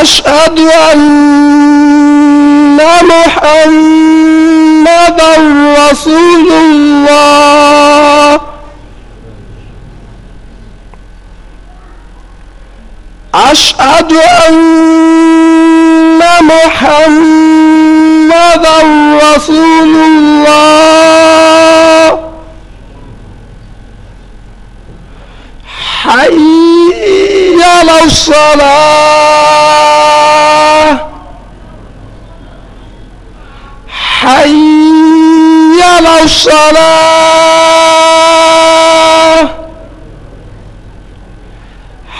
أشهد أن محمدا رسول الله أشهد أن محمدا رسول الله حي على الصلاه حي على الصلاة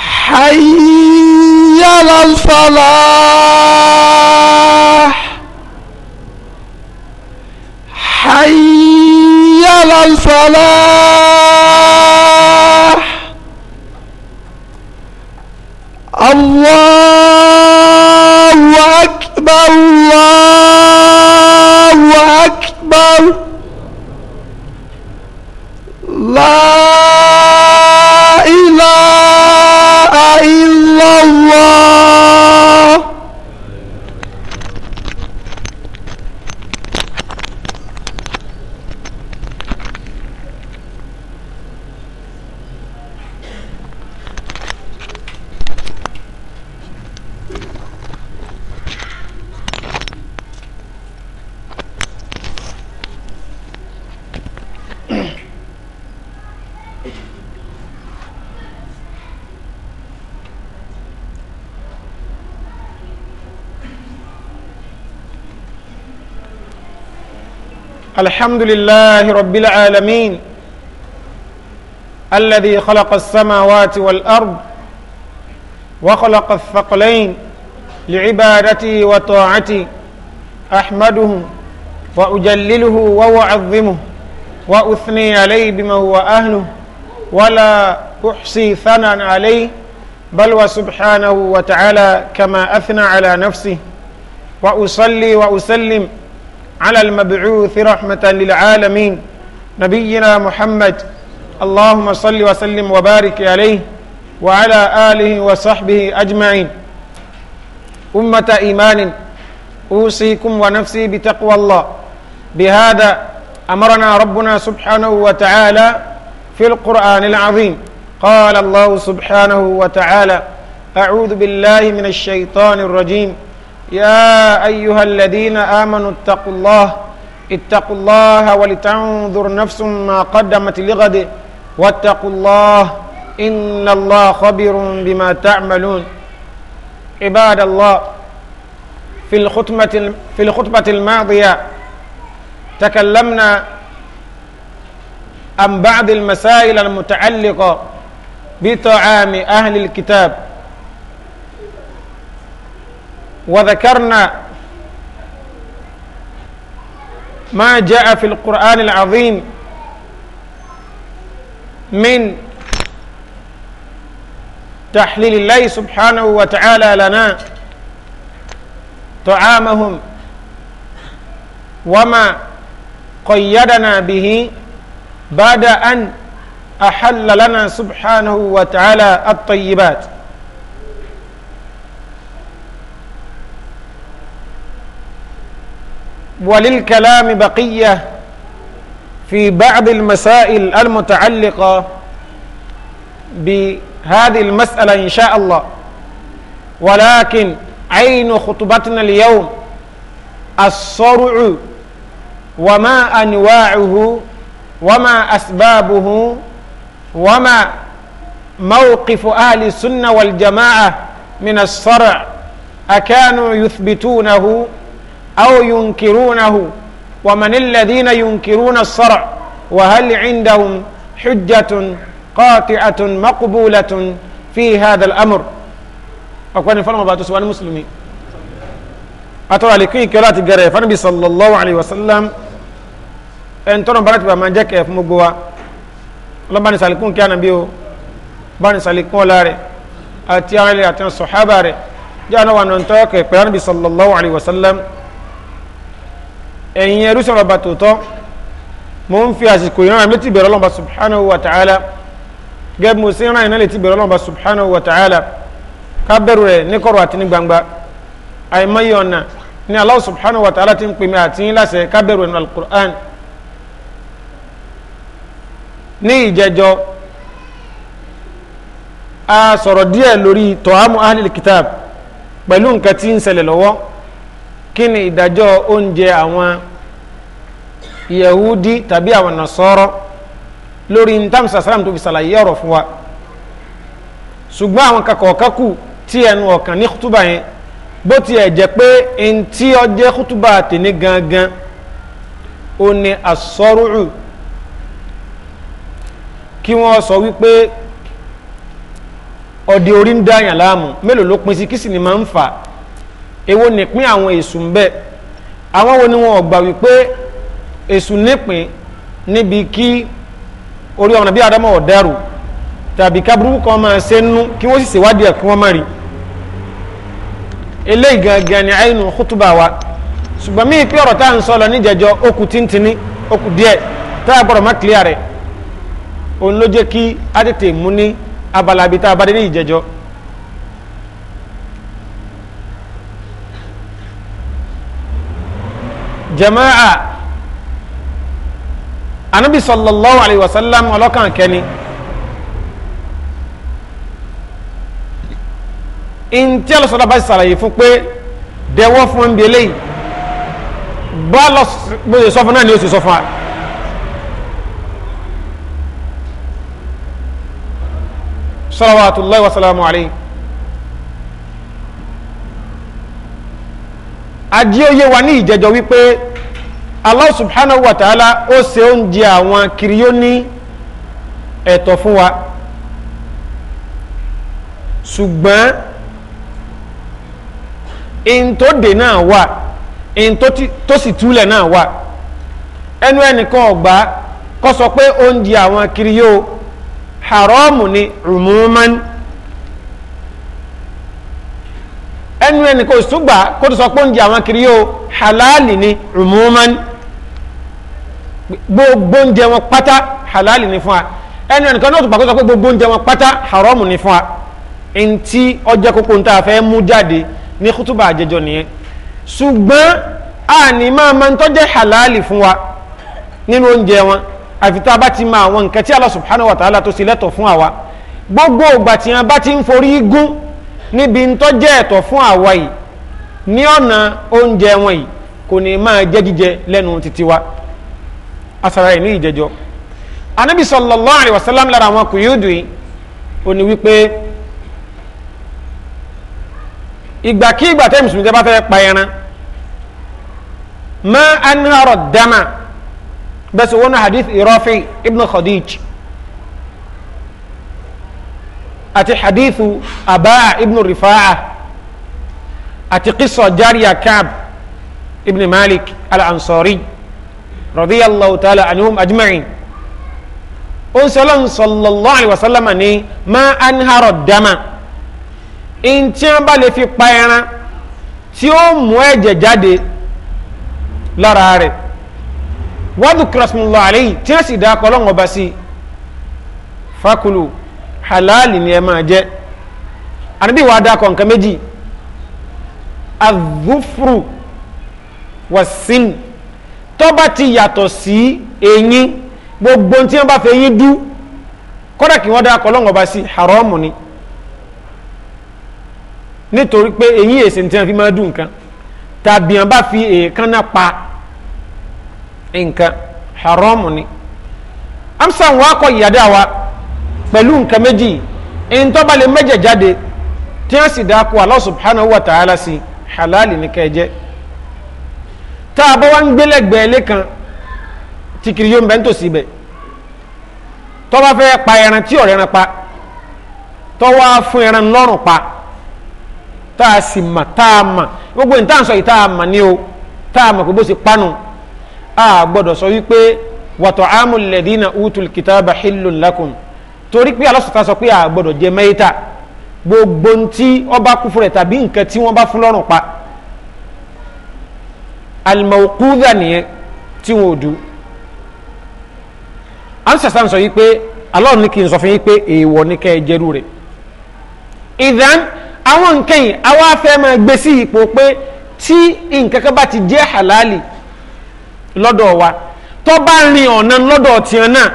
حي على الفلاح حي على الفلاح الله أكبر الله الله الحمد لله رب العالمين الذي خلق السماوات والأرض وخلق الثقلين لعبادتي وطاعتي أحمده وأجلله وأعظمه وأثني عليه بما هو أهله ولا أحصي ثناء عليه بل وسبحانه وتعالى كما أثنى على نفسه وأصلي وأسلم على المبعوث رحمة للعالمين نبينا محمد اللهم صل وسلم وبارك عليه وعلى آله وصحبه أجمعين أمة إيمان أوصيكم ونفسي بتقوى الله بهذا أمرنا ربنا سبحانه وتعالى في القرآن العظيم قال الله سبحانه وتعالى أعوذ بالله من الشيطان الرجيم يا أيها الذين آمنوا اتقوا الله اتقوا الله ولتنظر نفس ما قدمت لغد واتقوا الله إن الله خبير بما تعملون عباد الله في الخطبة في الخطبة الماضية تكلمنا عن بعض المسائل المتعلقة بطعام أهل الكتاب وذكرنا ما جاء في القرآن العظيم من تحليل الله سبحانه وتعالى لنا طعامهم وما قيدنا به بعد أن أحل لنا سبحانه وتعالى الطيبات وللكلام بقية في بعض المسائل المتعلقة بهذه المسألة إن شاء الله ولكن عين خطبتنا اليوم الصرع وما أنواعه وما أسبابه وما موقف أهل السنة والجماعة من الصرع أكانوا يثبتونه أو ينكرونه ومن الذين ينكرون الصرع وهل عندهم حجة قاطعة مقبولة في هذا الأمر أقول فلما بعد سؤال المسلمين أترى لكي كرات جري فنبي صلى الله عليه وسلم أن ترى برات بما جاك في إيه مجوا لما نسألكم كان بيو سالكم لاري أتيان لي أتيان الصحابة جاء نوان نتوقع النبي صلى الله عليه وسلم ẹ̀yin ẹrú sọ̀rọ̀ bá tòótọ́ mo ń fi àsìkò ìran létí bẹ̀rẹ̀ ọlọ́mọba subhanahu wa ta'ala gẹ́gẹ́ mo sì ń ràn iná létí bẹ̀rẹ̀ ọlọ́mọba subhanahu wa ta'ala ká bẹ̀rù rẹ̀ ní kọ̀rọ̀ àti ní gbangba àìmọye ọ̀nà ni Allah subhanahu wa ta'ala ti ń pè mí àti yín láṣẹ ká bẹ̀rù ẹ̀nu al ní ìjẹjọ́ a sọ̀rọ̀ díẹ̀ lórí tọ́hámù ahlil kitab pẹ̀lú nǹkan tí ń ṣẹlẹ̀ lọ́wọ́ kí ni ìdájọ́ oúnjẹ àwọn yahudi tàbí àwọn nasọ́rọ́ lórí ntàm sàsàràm tó fi ṣàlàyé ọ̀rọ̀ fún wa ṣùgbọ́n àwọn kakọ̀ọ́kákù tí ẹnu ọ̀kan ní kútúbà yẹn bó tiẹ̀ jẹ́ pé ntí ọjẹ́ kútúbà tèmi gangan ó ní asọ́rùrù kí wọ́n sọ wípé ọ̀dẹ̀ orí ń dáyàn láàmú mélòó ló pin sí kí sì ni máa ń fà á Ewo nìpín àwọn èṣù ń bẹ àwọn wo ni wọn ò gbà wípé èṣù nípín níbi kí orí ọ̀nà bí adamu ọ̀dẹ́rù tàbí kábúrú kan máa ṣe nú kí wọ́n sì ṣèwádìí ẹ̀ kí wọ́n má rí eléyìí gangan ni àyínú kútùbà wa ṣùgbọ́n mí pé ọ̀rọ̀ tá à ń sọ lọ níjẹ̀jọ́ okùn tíntìní okùn díẹ̀ tá a gbọ́dọ̀ má kílíà rẹ̀ òun ló jẹ́ kí á tètè mú ní abala ibi tá a bá dé ní ìjẹjọ́ jama'a anabi sallallahu alayhi wa sallam ọlọ́kàn kẹni ntí alọ́sọ̀rọ̀ bá ṣàlàyé fún pé dẹ̀wọ́ fún ẹ̀ ń bi eléyìí bá lọ bóyá sọ fún náà ni ó sì sọ fún wa. salawatullahi wa salamu ajé oyé wa ní ìjẹjọ wípé Allah subhanahu wa ta'ala ó ṣe oúnjẹ àwọn kiriyó ní ẹ̀tọ́ fún wa ṣùgbọ́n in tó dè náà wà in tó sì túlẹ̀ náà wà ẹnu ẹnìkan ọ̀gbá kọ́ sọ pé oúnjẹ àwọn kiriyó haramu ni rumuman ẹnu ẹnìkan òṣùgbà kó tó sọ pé oúnjẹ àwọn kiriyó halali ni rumuman gbogbo oúnjẹ wọn pátá halali ni fún wa ẹni ẹnìkan náà tó pàkó sọ pé gbogbo oúnjẹ wọn pátá haramu ni fún wa ntí ọjọ́ kókó ń tà fẹ́ mú jáde ní kútùbà àjẹjọ nìyẹn ṣùgbọ́n àní máa máa ń tọ́jẹ́ halali fún wa nínú oúnjẹ wọn àfi tá a bá ti mọ àwọn nǹkan tí Allah subhanahu wa ta'ala tó ṣe lẹ́tọ̀ fún àwa gbogbo ìgbà tí wọn bá ti ń forí gún níbi ń tọ́jẹ́ ẹ̀tọ́ fún àwa yìí ní ọ̀nà oúnjẹ wọn yìí kò ní máa jẹ́ jíjẹ lẹ́nu títí wa asara inú ìjẹjọ anabi sallallahu alayhi wa sallam lára àwọn kùyúdù yìí ó ní wípé ìgbàkígbà tẹ́ mùsùlùmí tẹ́ bá fẹ́ pa ẹran ma anhara dama bẹ́sẹ̀ wọnú hadith irafi ibn khadij àti hadithu abaa ibn rifa'a àti qissa jariya kab ibn malik al-ansari radiyallahu ta'ala anhum ajma'in ó ń sọlọ́n sallallahu alaihi wasallam ní ma anhara dama in tí wọ́n bá lè fi pa ẹran tí ó mú ẹ̀jẹ̀ jáde lára rẹ̀ wadu kirasmullah alayhi tí wọ́n sì dá akọ lọ́wọ́ bá sí fakulu halali ni ẹ máa jẹ́ ànábì wa dá akọ nǹkan méjì azufru wasin tó bá ti yàtọ̀ sí eyín gbogbo tí wọ́n bá fẹ́ yín dú kódà kí wọ́n dá kọlọ́ngọ̀ bá sí haramu ni nítorí pé eyín èsì tí wọ́n fi máa dùn nǹkan tàbí wọ́n bá fi èékánná pa nǹkan haramu ni amsan wa kọ ìyàdá wa pẹ̀lú nǹkan méjì ẹni tó bá lè mẹ́jẹ̀ jáde tí wọ́n sì dá kó subhanahu wa ta'ala sí halali ni kẹ́ tá a bá wá ń gbélẹ̀gbẹ́ ilé kan tí kiri yóò ń bẹ́ ń tòsí bẹ́ tó bá fẹ́ pa ẹran tí ọ̀rẹ́ pa tó wá fún ẹran lọ́rùn pa tá a sì mà tá a mà gbogbo ní tá à ń sọ yìí tá a mà ní o tá a mà kó bó ṣe panu a gbọ́dọ̀ sọ wípé wa ta'amul ladina utul kitaba hillun lakum torí pé alọ́sọ̀tà sọ pé a gbọ́dọ̀ jẹ mẹ́yìtà gbogbo ntí ọba kú fún rẹ̀ tàbí nǹkan tí wọ́n bá fún lọ́rùn pa alimawukuda nìyẹn tí wọn ò du ansasa sọ yìí pé Allah ní kí n sọ fún yìí pé èèwọ̀ ní kẹ́ ẹ jẹ́rú rẹ̀ ìdán àwọn nǹkan yìí àwa afẹ́ máa gbé sí ipò pé tí nǹkan kan bá ti jẹ́ halali lọ́dọ̀ wa tó bá rin ọ̀nà lọ́dọ̀ tiẹ̀ náà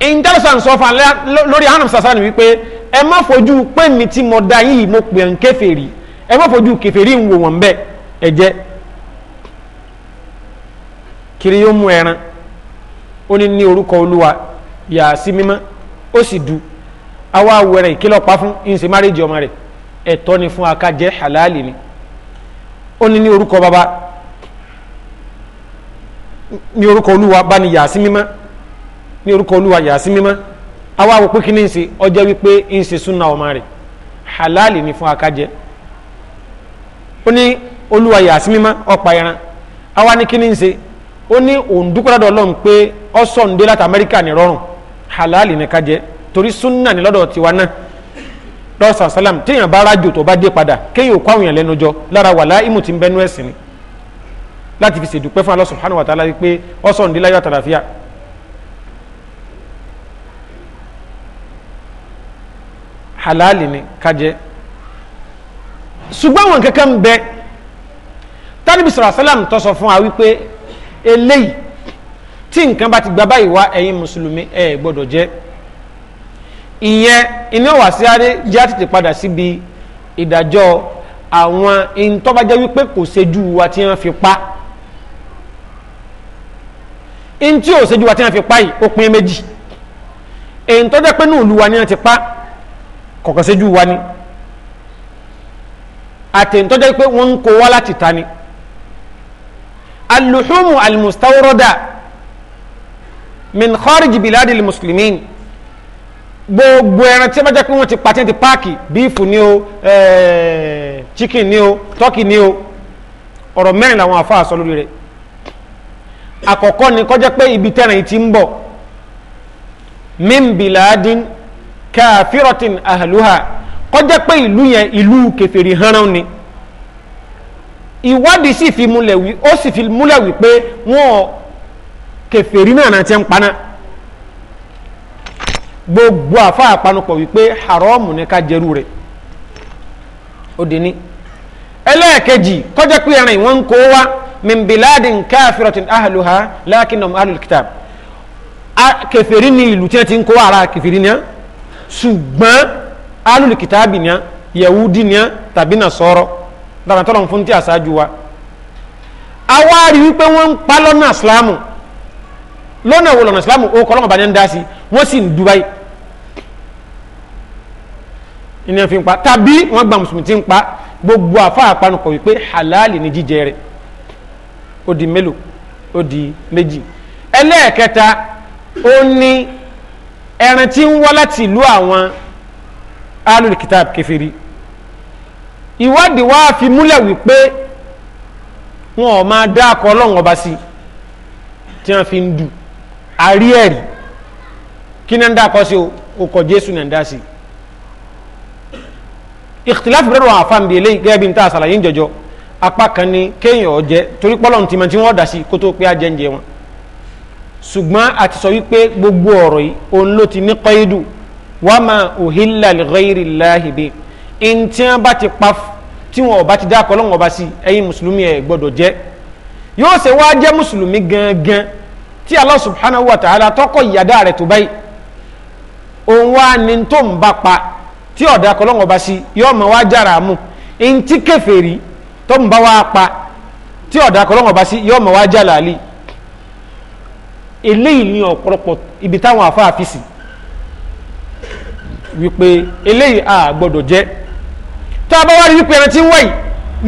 ìjọsìn sọ fún alẹ́ lórí hanam wípé ẹ má fojú pé tí mo da yìí mo pè ń kèfèrí ẹ má fojú kèfèrí ń wò wọ́n bẹ́ẹ̀ ẹ jẹ́ kiri yóò mú ẹran ó ní ní orúkọ olúwa yà du awa awọ rẹ ìkìlọ̀ pa fún ìǹsẹ̀ márèjì ọmọ rẹ ni fún aka jẹ́ halali ni ó ni ní orúkọ baba ní orúkọ olúwa bá ní yà á sí mímọ́ ní orúkọ awa awọ pé kí ní ìǹsẹ̀ ọjọ́ wípé ìǹsẹ̀ súnà halali ni fún aka jẹ́ ó oluwa olúwa yà á sí awa ní kí ní ó ní òǹdúkọ́ládọ́ ọlọ́run pé ọ̀sọ̀ǹdé láti amẹ́ríkà ní rọrùn halali ní kájẹ torí súnà ní lọ́dọ̀ tiwa náà lọ́sàn sálàm téèyàn bá rájò tó bá dé padà kéèyàn kó àwọn èèyàn lẹ́nu jọ lára wàlá ìmù tí ń bẹnu ẹ̀sìn ni láti fi ṣèdúpẹ́ fún Allah subhanahu wa ta'ala wípé ọ̀sọ̀ǹdé láyọ̀ àtàlàfíà halali ni kájẹ ṣùgbọ́n àwọn kankan bẹ tánibisọ̀rọ̀ sálàm tó fún wa wípé eléyìí tí nǹkan bá ti gba báyìí wá ẹ̀yin mùsùlùmí ẹ̀ gbọ́dọ̀ jẹ́ ìyẹn iná wà sí adé jẹ́ àtètè padà síbi ìdájọ́ àwọn ìntọ́bajẹ́ wípé kò ṣejú wa tí wọ́n fi pa ntí ò ṣejú wa tí wọ́n fi pa yìí ó pín méjì èyí pé ní òlu wa ni wọ́n ti pa kọ̀kọ́ ṣejú wa ni àtẹ̀ntọ́jẹ́ pé wọ́n ń kó wá láti ta ni. اللحوم المستوردة من خارج بلاد المسلمين، gbogbo ẹran tí a bá jẹ́ pé wọ́n ti pàtẹ́ ti páàkì bíìfù ni o eh, chicken ni o turkey ni o ọ̀rọ̀ mẹ́rin làwọn àfáà sọ lórí rẹ̀ àkọ́kọ́ ni kọjá pé ibi tẹ́ràn yìí ti ń bọ̀ min biladin kafiratin ahluha pé ìlú yẹn ìlú kèfèrí hánrán ni ìwádìí sì fi múlẹ̀ wí ó sì fi múlẹ̀ wí pé wọ́n kèfèrí náà ti ń paná gbogbo àfa àpanupọ̀ wípé haram ní ká jẹrú rẹ̀ ó dín ní ẹlẹ́ẹ̀kejì kọjá pé ẹran ìwọ̀n ń kó wá min biladin kafiratin ahluha lakinnahum ahlul kitab kèfèrí ní ìlú tí wọ́n ti ń kó ara kèfèrí ní ṣùgbọ́n ahlul kitab ní yahudi ní tàbí nasọ́rọ́ dàgbà tọ́lọ̀ fún tí àṣáájú wa àwa rí wípé wọ́n ń pa lọ́nà ìsìlámù lọ́nà wo lọ́nà ìsìlámù ó kọ́ lọ́nà bá ní ń dá sí wọ́n sì ń Dubai ní ẹ̀ fi ń pa tàbí wọ́n gba mùsùlùmí tí ń pa gbogbo àfa àpanupọ̀ wípé halali ni jíjẹ rẹ̀ ó di mélòó ó di méjì ẹlẹ́ẹ̀kẹta ó ní ẹran tí ń wá láti ìlú àwọn alùlù kìtàbù kẹfìrí ìwádìí wá fi múlẹ̀ wípé wọn ò máa dá akọ ọlọ́run ọba sí tí wọ́n fi ń dù àrí ẹ̀rí kí náà ń dá akọ sí o kọ jésù náà ń dá sí ìkìtìláfì bẹ̀rẹ̀ wọn àfa nbí eléyìí gẹ́gẹ́ bí n ta àṣàlàyé ń apá kan ni kéèyàn ọ̀jẹ́ torí pọ́lọ́n tìmọ̀ tí wọ́n dà sí kó tó pé ajẹ́njẹ wọn ṣùgbọ́n a ti sọ wípé gbogbo ọ̀rọ̀ yìí òun ló ti ní kọ́ídù wàá máa òhìlà lè rẹ́ ìrìlá ìbí ntí wọn bá ti pa tí wọn ọba ti dákọ lọ́wọ́ ọba sí ẹ̀yin mùsùlùmí ẹ̀ gbọ́dọ̀ jẹ́ yóò ṣe wá jẹ́ mùsùlùmí gangan tí Allah subhanahu wa ta'ala tọkọ ìyàdá rẹ̀ tó báyìí òun wá ní tó ń bá pa tí ọ̀dà kọ lọ́wọ́ ọba sí yóò mọ̀ wá jára mú ntí kèfèrí tó ń bá wá pa tí ọ̀dà kọ ọba sí yóò mọ̀ wá jára lì eléyìí ní ọ̀pọ̀lọpọ̀ ibi táwọn àfáà wípé eléyìí a gbọ́dọ̀ jẹ́ tá a bá wá rí wípé ẹran tí ń wáyìí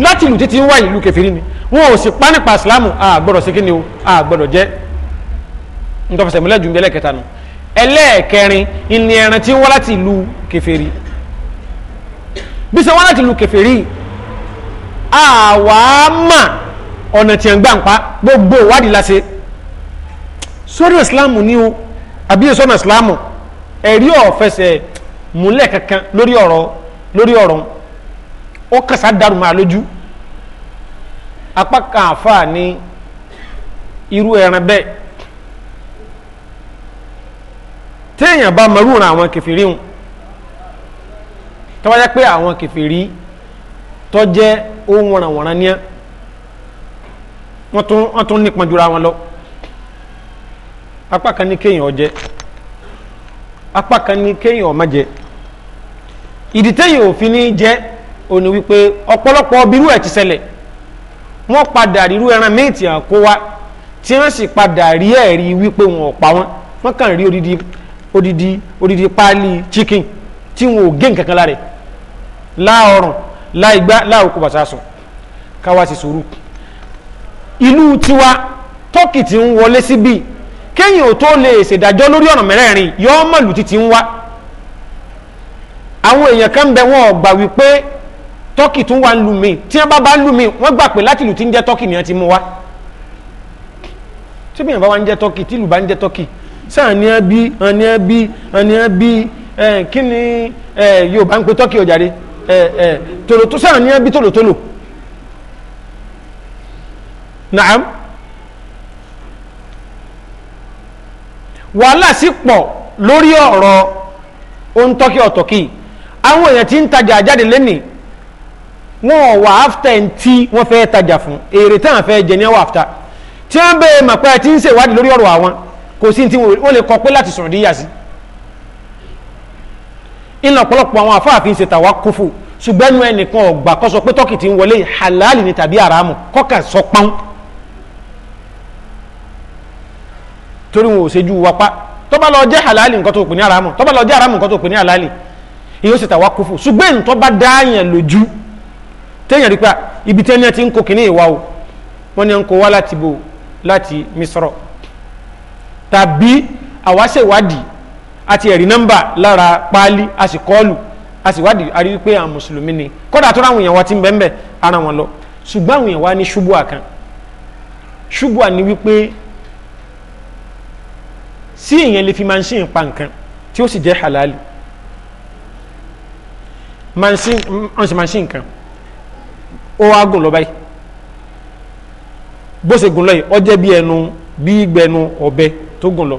láti ìlú títí ń wáyìí ìlú kẹfìrí ni wọn ò sì pa nípa ìsìlámù àgbọ̀dọ̀ sí kíni o àgbọ̀dọ̀ jẹ́ ntọ́fẹsẹ̀ múlẹ̀ jù ń bí ẹlẹ́kẹta nu ẹlẹ́ẹ̀kẹrin ìní ẹran tí ń wá láti ìlú kẹfìrí bí sọ wá láti ìlú kẹfìrí àwa mà ọ̀nà tí ń gbà ń pa gbogbo ìwádìí la ṣe sọ́nà ìsìlámù ni o àbí sọ́nà ìsìlámù ẹ̀rí ọ̀fẹsẹ̀ múlẹ̀ kankan lórí ọ̀rọ̀ lórí ọ̀rọ̀ ó kàsá dàrú máa lójú apá kan àfa ní irú ẹran bẹ́ẹ̀ téèyàn bá mọ̀rúnra àwọn kẹfìrí hùn tó bá jẹ́ pé àwọn kẹfìrí tó jẹ́ ohun wọ̀nranwọ̀nran ní wọ́n tún nípọn jura wọn lọ apá kan ní kéèyàn ó jẹ apá kan ní kéèyàn ó má jẹ ìdí téèyàn ò ní jẹ́ oni ní wípé ọ̀pọ̀lọpọ̀ ọbírú ẹ̀ ti ṣẹlẹ̀ wọ́n padà rírú ẹran méjì àkó wa tí wọ́n sì padà rí ẹ̀rí wípé wọn ò pa wọn wọ́n kàn rí odidi odidi odidi páálí chicken tí wọn ò gé nǹkan kan lára ẹ̀ láọrùn láìgbá láòkú bàtà sùn káwá sì sùúrù ìlú tiwa tọ́kì ti ń wọlé síbí kéyìn ò tó lè ṣèdájọ́ lórí ọ̀nà mẹ́rẹ̀ẹ̀rin yọ́ọ́mọ̀lù ti ti ń wá àwọn èèyàn kan bẹ wọn ò wípé tọ́kì tún wà ń lu mi tí wọ́n bá bá ń lu mi wọ́n gbà pé láti ìlú tí ń jẹ́ tọ́kì nìyẹn ti mú wa tí bìyànjú bá wà ń jẹ́ tọ́kì tí ìlú bá ń jẹ́ tọ́kì sáà ní ẹ bí ẹ ní ẹ bí ẹ ní ẹ bí kí ni ẹ ń pe tọ́kì ọ̀jàre ẹ ẹ tòlótó sáà ní ẹ wàhálà sì pọ̀ lórí ọ̀rọ̀ ohun tọ́kì ọ̀tọ̀kì àwọn èèyàn ti ń tajà jáde lẹ́nìí wọn wà áfítà ntí wọn fẹ́ tajà fún èrè tán fẹ́ jẹ ní ẹwà áfítà tí wọn bẹ màpá tí ń ṣe ìwádìí lórí ọ̀rọ̀ àwọn kò sí ti wọn lè kọ pé láti sọ̀rọ̀ díyà sí ìlànà ọ̀pọ̀lọpọ̀ àwọn afáàfin ṣe tàwa kófò ṣùgbọ́n ẹnu ẹnìkan ọ̀gbà kọ́ sọ pé tọ́kì ti ń wọlé halali ni tàbí aramu kọ́kà sọ pọ́n torí wọn ò ṣejú wapá tó bá lọ jẹ́ halali nǹkan tó pè ní aramu tó bá lọ jẹ́ aramu nǹkan tó pè ní halali ìyóò ṣe tàwa kófò ṣùgbọ́n ẹnìtọ́ bá dáàyàn lójú téèyàn rí pa ibi tí ẹni ti ń kó kínní ìwà o wọn ni ń kó wá láti bo láti misrọ tàbí àwáṣèwádìí àti ẹ̀rí nọ́mbà lára páálí àsìkọ́ọ̀lù àsìwádìí a rí pé àwọn mùsùlùmí ni kódà tó ráwọn èèyàn wa ti ń bẹ́ẹ̀ ara wọn lọ ṣùgbọ́n àwọn èèyàn wa ṣubú àkàn ṣubú à ní wípé sí èèyàn lè fi mansin pa nǹkan tí ó sì jẹ́ halali mansin mansin nǹkan. ó wá gùn lọ báyìí bó ṣe gùn lọ yìí ó bí ẹnu bí gbẹnu ọ̀bẹ tó gùn lọ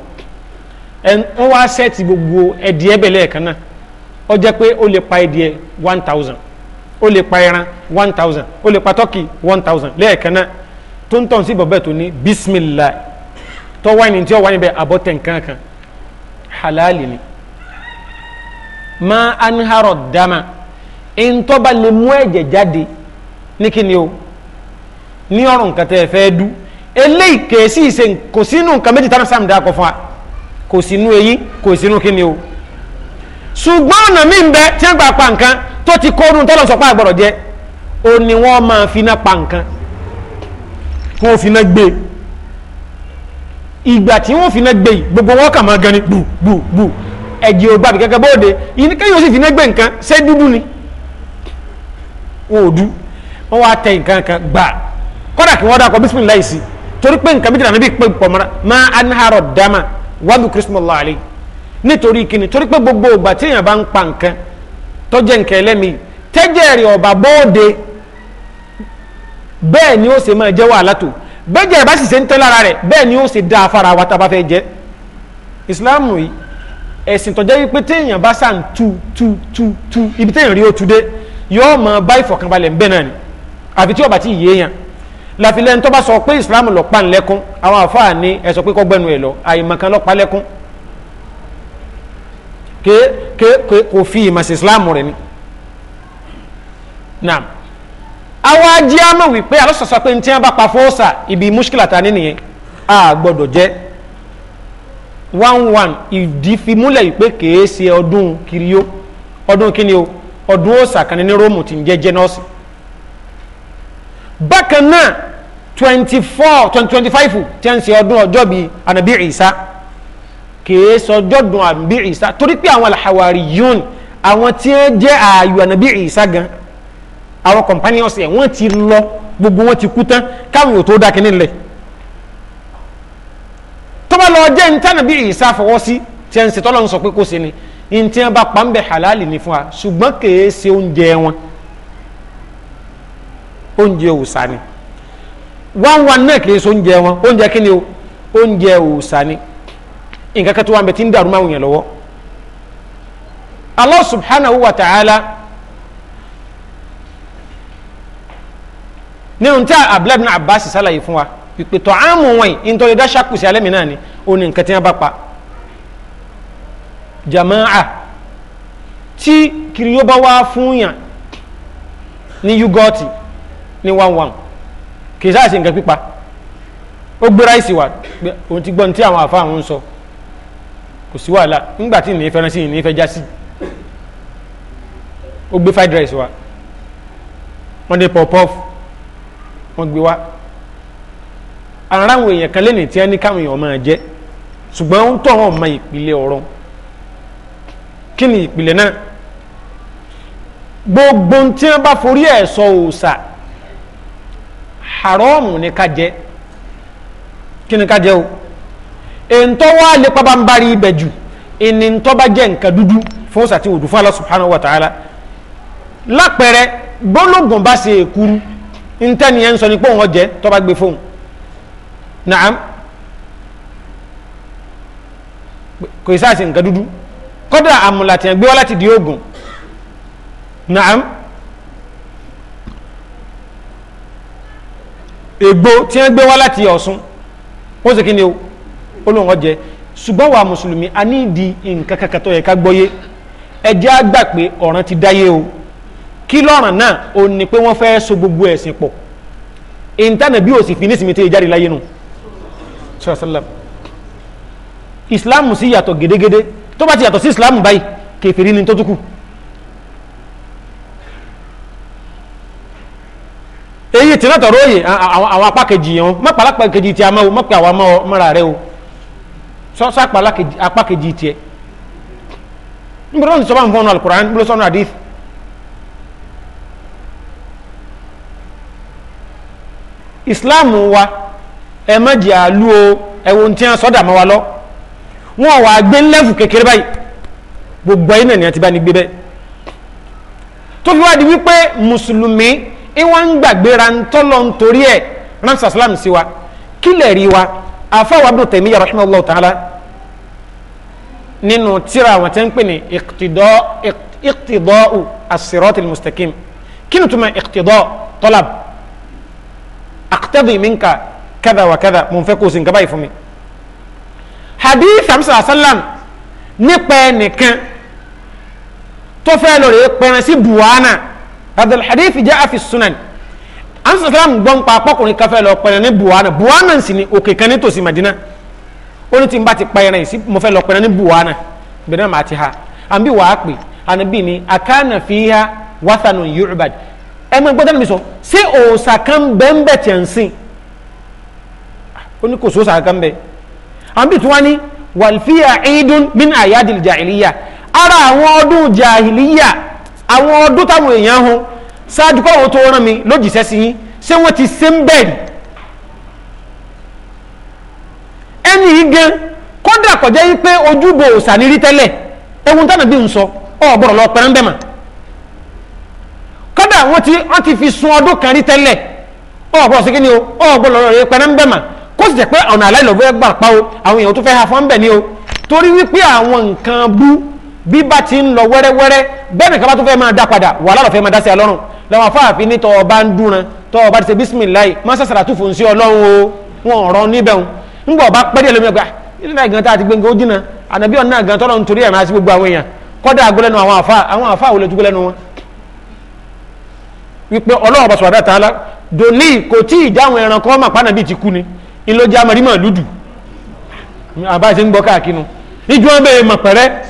wá gbogbo pa one thousand ó lè pa ẹran one thousand ó lè pa one thousand lẹ́ẹ̀kan náà tó ń tọ̀ sí bọ̀bẹ́ tó ní tó wáyé ní tí kan halali ni ma anharo dama ntọ́ba lè mú ẹ̀jẹ̀ ní ni o ní ọrùn nǹkan tẹ́ ẹ fẹ́ dú eléyìí kèésì ìṣe kò sínú nǹkan méjì tánà sáàmù dáa kọ fún ni o ṣùgbọ́n ọ̀nà mi ń bẹ tí wọ́n gbà pa nǹkan tó ti kó orun tọ́lọ̀ sọ́pá àgbọ̀rọ̀ jẹ́ o ni wọ́n máa fi iná pa nǹkan kó o fi iná gbé ìgbà tí wọ́n fi iná gbé gbogbo wọn kà máa gan ni gbù gbù gbù ẹ̀jẹ̀ ò gbàbí kankan bóde ìníkẹ́yìn ò sì fi gbé nǹkan ṣé dúdú ni wọn ò wọ́n wá tẹ nǹkan kan gbà kọ́dà kí wọ́n dàkọ̀ bisimilayi sí torí pé nǹkan méjìlá níbi pé pọ̀mọ́ra má anaharo dama wàlú kristumallah alayhi nítorí kíni torí pé gbogbo ìgbà tí èèyàn bá ń pa nǹkan tọ́jẹ́ nǹkan ẹlẹ́mìí tẹ́jẹ́ rẹ̀ ọ̀bà bóde bẹ́ẹ̀ ni ó ṣe máa jẹ́ wàhálà tó bẹ́jẹ̀ bá sì ṣe ń tẹ́ lára rẹ̀ bẹ́ẹ̀ ni ó ṣe dá afárá wa tá a bá fẹ́ jẹ́ ìsìláàmù yìí ẹ̀sìn tọ́jẹ́ wípé téèyàn bá sàn tu tu tu tu ibi téèyàn rí ó tu dé yóò máa bá ìfọ̀kànbalẹ̀ ń bẹ́ẹ̀ náà ni àfi tí ọba ti yé yàn làfilẹ̀ ń tọ́ba sọ pé islam lọ pa ńlẹ́kún àwọn àfáà ní ẹ sọ pé kọ́ gbẹnu ẹ̀ lọ àyèmọ̀kan lọ pa lẹ́kún ké ké ké kò fi ìmọ̀sí islam rẹ̀ ni. naam àwọn ajé àmọ̀ wípé alọ́sọ̀sọ pé ntí wọn bá pa fọ́ọ̀sà ibi mushkila ta ni nìyẹn a gbọ́dọ̀ jẹ́ one one ìdí fi múlẹ̀ wípé kèé ṣe ọdún kiriyó ọdún kíni o ọdún òòsà kan ní róòmù tí ń jẹ́ jẹ́ nọ́ọ̀sì bákan náà twenty four twenty five tí wọ́n ń ṣe ọdún ọjọ́ bíi anabi isa kìí sọjọ́ dùn anabi isa torí pé àwọn alhawariyun àwọn tí wọ́n jẹ́ ààyò anabi isa gan àwọn companions ẹ̀ wọ́n ti lọ gbogbo wọn ti kú tán káwọn ò tó dá kínní lẹ̀ tọ́ba lọ jẹ́ ní tànàbí ìsá fọwọ́ sí tí wọ́n ń ṣe tọ́lọ́ ń sọ pé kó ṣe ni ní tí wọ́n bá pa ń bẹ̀ halali ni fún wa ṣùgbọ́n kìí ṣe oúnjẹ wọn oúnjẹ òòṣà ni wọn wọn náà kì í so oúnjẹ wọn oúnjẹ kí ni o oúnjẹ òòṣà ni nǹkan kan tó wà ń ń dàrú máa ń yàn lọ́wọ́ Allah subhanahu wa ta'ala nínú tí abdullahi bin abbas sálàyé fún wa pípé tọ́ àmú wọn yìí nítorí dáṣà kù sí alẹ́ mi náà ni ó ní nǹkan tí wọ́n bá pa jamaa tí kiri yóò bá wá fún yàn ní yúgọ́ọ̀tì ní wan wan. kì í se nǹkan pípa ó gbé ráìsì wá òun ti gbọ́n tí àwọn àfa àwọn ń sọ kò sí wàhálà nígbà tí ìní fẹ́ràn sí ìní fẹ́ já sí ó gbé fried rice wa wọ́n dé pọ̀pọ́f wọ́n gbé wá aráwọ̀ èèyàn kan tí wọ́n ní káwọn èèyàn máa jẹ ṣùgbọ́n ó ń tọ̀ wọ́n mọ ìpìlẹ̀ ọ̀rọ̀ kí ni ìpìlẹ̀ náà gbogbo tí wọ́n bá forí ẹ̀ sọ haramu ni ká jẹ kí ni ká jẹ o èntọ́ wa lè pabambari ibẹ̀ jù ìní ntọ́ bá jẹ́ nǹkan dúdú fún sàtì òdù fún Allah subhanahu wa ta'ala lápẹẹrẹ gbólógùn bá ṣe èkuru ntẹ́ni yẹn ń sọ ní pé òun ọ̀jẹ́ tọ́ naam kò sáà sí nǹkan dúdú kọ́dà àmùlàtìyàn gbé wá di oògùn naam. ègbò tí wọ́n gbé wá láti ọ̀ṣun ó sì kí ni o ó lóun ọjẹ ṣùgbọ́n wa mùsùlùmí a ní ìdí nǹkan kankan tó yẹ ká gbọ́yé ẹ jẹ́ á gbà pé ọ̀ràn ti dáyé o kí lọ́ràn náà ò ní pé wọ́n fẹ́ so gbogbo ẹ̀sìn pọ̀ ìntànà bí òsì fi nísìmí tó yẹ jáde láyé nu islam sì yàtọ̀ gédégédé tó bá ti yàtọ̀ sí islam báyìí kèfèrí ni tó tún níbi tí náà tọ̀rọ òye àwọn apá kejì yẹn mọ́ pàlápà kejì tí a máa mọ́ pé àwọn mọ́ra rẹ o sọ́sọ́ apá kejì tiẹ̀ níbi lọ́nà sọ́bà ń fọ́nà alukur'an níbi lọ́sọ́nà hadith islam wa ẹ má jẹ́ àlú o ẹ̀wọ̀n tí wọ́n sọ́dà mọ́ wa lọ wọ́n wà gbé lẹ́fù kékeré báyìí gbogbo ayé náà ni a ti bá ní gbé bẹ́ẹ̀ tó fi wá di wípé mùsùlùmí ìwọ́n ń gbàgbéra ń tọ́lọ̀ ń torí ẹ̀ ránṣẹ́ sàlám sí wa kílẹ̀ rí wa àfọwọ́ Ibn Taymiyyah rahimahullah ta'ala nínú tíra àwọn tí ń pè ní iqtida'u as-sirat al-mustaqim kí ni tuma iqtida' talab aqtadi minka kada wa kada mo n fẹ́ kó o sì ń kaba yìí fún mi hadith amsa asalam nípa ẹnìkan tó fẹ́ lọ pẹ̀rẹ̀ sí buwana. هذا الحديث جاء في السنن an sasalaam gbọ́n pa apọ́kùnrin kan fẹ́ lọ pẹ̀rẹ̀ ní buwana buwana sì ni òkè kan ní tòsí madina ó ní tí n bá ti pẹ̀rẹ̀ yìí sí mo fẹ́ lọ pẹ̀rẹ̀ ní buwana bẹ̀rẹ̀ màá ti ha à ń bí wàá pè ànábì ni àkànnà fi ha wàtánù yorùbá ẹ mọ gbọ́dọ̀ mi sọ ṣé òòsà kan bẹ́ẹ̀ tiẹ̀ ń sìn ó ní kò kan bẹ́ẹ̀ à ń bí tí wọ́n ní wàlfíà ìdún min ara àwọn ọdún jàìlíyà àwọn ọdún táwọn èèyàn hun ṣáájú káwọn tó rán mi lójìṣẹ́ sí ṣé wọ́n ti ṣe ń bẹ̀rì ẹni yìí gan kódà pé ojúbo òòsà ní rí tẹ́lẹ̀ ẹ̀wọ̀n tánà bí n sọ ọ̀ lọ pẹ̀rẹ́ ń kódà wọ́n ti wọ́n ti fi sun ọdún kan rí tẹ́lẹ̀ sí kíni o lọ bí bá ti ń lọ wẹ́rẹ́wẹ́rẹ́ bẹ́ẹ̀ nìkan bá tó fẹ́ máa dá padà wàhálà lọ́fẹ́ máa dá sí ọlọ́run lọ́wọ́ afáàfin ní tọ́ ọba ń dúnra tọ́ ọba ti ṣe bísímìláì máa sàṣàrà tó fòun sí ọlọ́run o wọn ọ̀rọ̀ níbẹ̀ wọn ńgbà ọba pẹ́ẹ́dẹ̀ lómi ọgbà ilé náà gan tá a ti gbẹ̀ngàn ó jìnnà ànàbí ọ̀nà gan tọ́lọ́ nítorí ẹ̀rọ gbogbo àwọn èèyàn àwọn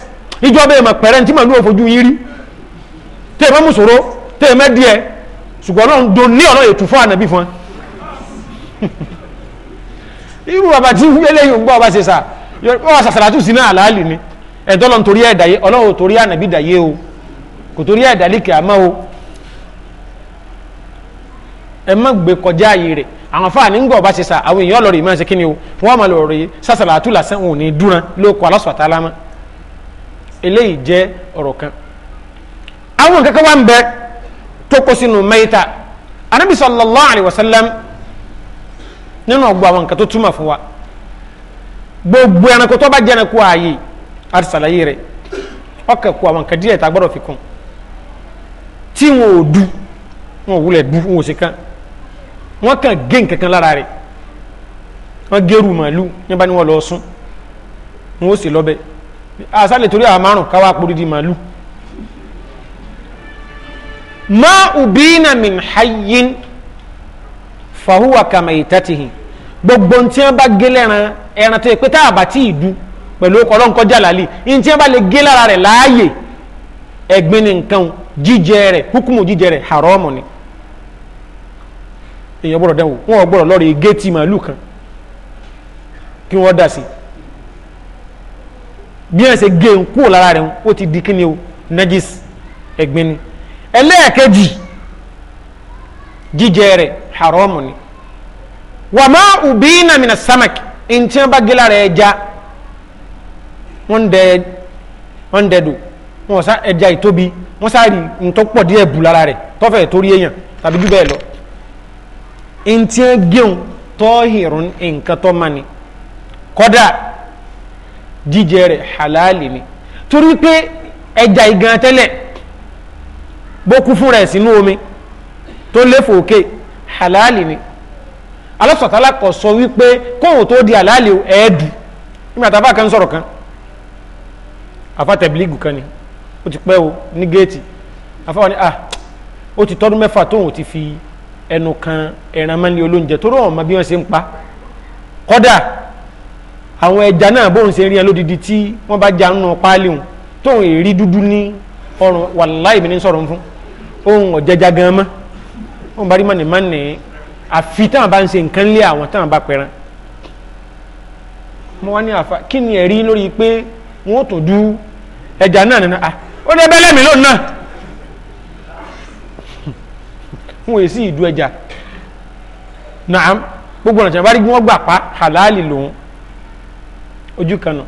ìjọba ìmọ̀ pẹ̀rẹ́ ní tí màlúù òfojú yín rí tẹ́ ẹ mọ́ mùsòro tẹ́ ẹ mẹ́ díẹ̀ ṣùgbọ́n ọlọ́run do ní ọ̀nà ètò fún ànàbí fún ẹ irú bàbá tí eléyìí ń gbọ́ ọba ṣe sà ọba sàṣàlátù sí náà àlàálì ni ẹ̀dọ́ lọ́n torí ẹ̀dà yé ọlọ́run torí ànàbí dà yé o kò torí ẹ̀dà líkè àmọ́ o ẹ má gbé kọjá ààyè rẹ̀ àwọn fáàní ń gbọ́ ọba ṣe sà àwọn èèyàn lọ́ọ̀rì máa ṣe kí ni o wọ́n máa lọ́ọ̀rì sàṣàlátù làṣẹ òun ní dúran lóko alásùwàtà lámà eléyìí jẹ́ ọ̀rọ̀ kan àwọn kankan wà ń bẹ tó kó sínú mẹ́ta anabi sallallahu alayhi wa sallam nínú ọgbọ àwọn nǹkan tó túmọ̀ fún wa gbogbo ẹranko tó bá jẹ́ ẹranko ààyè àti sàlàyé rẹ̀ ọkọ̀ kó àwọn nǹkan díẹ̀ tá a gbọ́dọ̀ fi kún tí wọn ò du wọn ò wulẹ̀ du wọn ò sì kan wọn kàn gé nǹkan lára rẹ̀ wọn gẹ́rù màálù nígbà wọn lọ sún wọn ó sì lọ́bẹ̀ẹ́ asálẹ̀ torí àwọn márùn káwá porídìí màálù ma ubina min hayyin fahuwa kama itatihi gbogbo ntí wọn bá gé lẹ́ran ẹran tó yẹ pé tá a bá tí ì du pẹ̀lú ọlọ́run kọjá làálì ntí wọn bá lè gé lára rẹ̀ láàyè ẹ̀gbin ni nǹkan jíjẹ rẹ̀ hukumu jíjẹ rẹ̀ haramu ni èèyàn gbọ́dọ̀ wọn gbọ́dọ̀ bí wọn ṣe gé kúrò lára rẹ̀ ó ti di kíni o najis ẹ̀gbin ni ẹlẹ́ẹ̀kejì jíjẹ rẹ̀ haramu ni wà má òbí náà mìíràn samak ntí wọn bá gé lára ẹja wọn dẹ wọn dẹ do wọn sá ẹja ìtóbi wọn sá rí ntọ́ díẹ̀ bù lára rẹ̀ tọ́fẹ̀ torí èèyàn tàbí jù bẹ́ẹ̀ lọ ntí wọn gé wọn mani kọ́dà. jíjẹ rẹ̀ halali ni torí pé ẹja igan tẹ́lẹ̀ bó kú fún rẹ̀ sínú omi tó léfò òkè halali ni alásọ̀tálá kọ̀ sọ wípé kóhùn tó di halali ẹ̀ẹ́dù nígbà tá a bá kan sọ̀rọ̀ kan afátẹ̀bílígù kan ni ó ti pẹ́ o ní géètì afáwọn ni ah ó ti tọ́dún mẹ́fà tóhùn ti fi ẹnu kan ẹran mẹ́lẹ́ olóúnjẹ tó rọ̀ ọ̀mọ bí wọ́n ṣe ń pa kọ́dà àwọn ẹja náà bóun ṣe rí ẹ lódìdí tí wọ́n bá já nù páálí wọn tóun èrí dúdú ní ọrùn wàláì mi ní sọ̀rọ̀ fún ohun ọ̀jẹ̀jà gan mọ́ wọ́n bá rí mọ́ni mọ́ni àfi táwọn bá ń ṣe nǹkan lé àwọn táwọn bá pẹran mo wá ní àfa kí ni ẹ̀rí lórí pé wọ́n tó du ẹja náà nínú à ah, ó ní ẹbẹ́ lẹ́mìí lónìí náà wọn èsì ìdú ẹja nàám gbogbo ọ̀nà tí wọ́n bá rí wọ́n gbà pa halali lòun ojú kan nù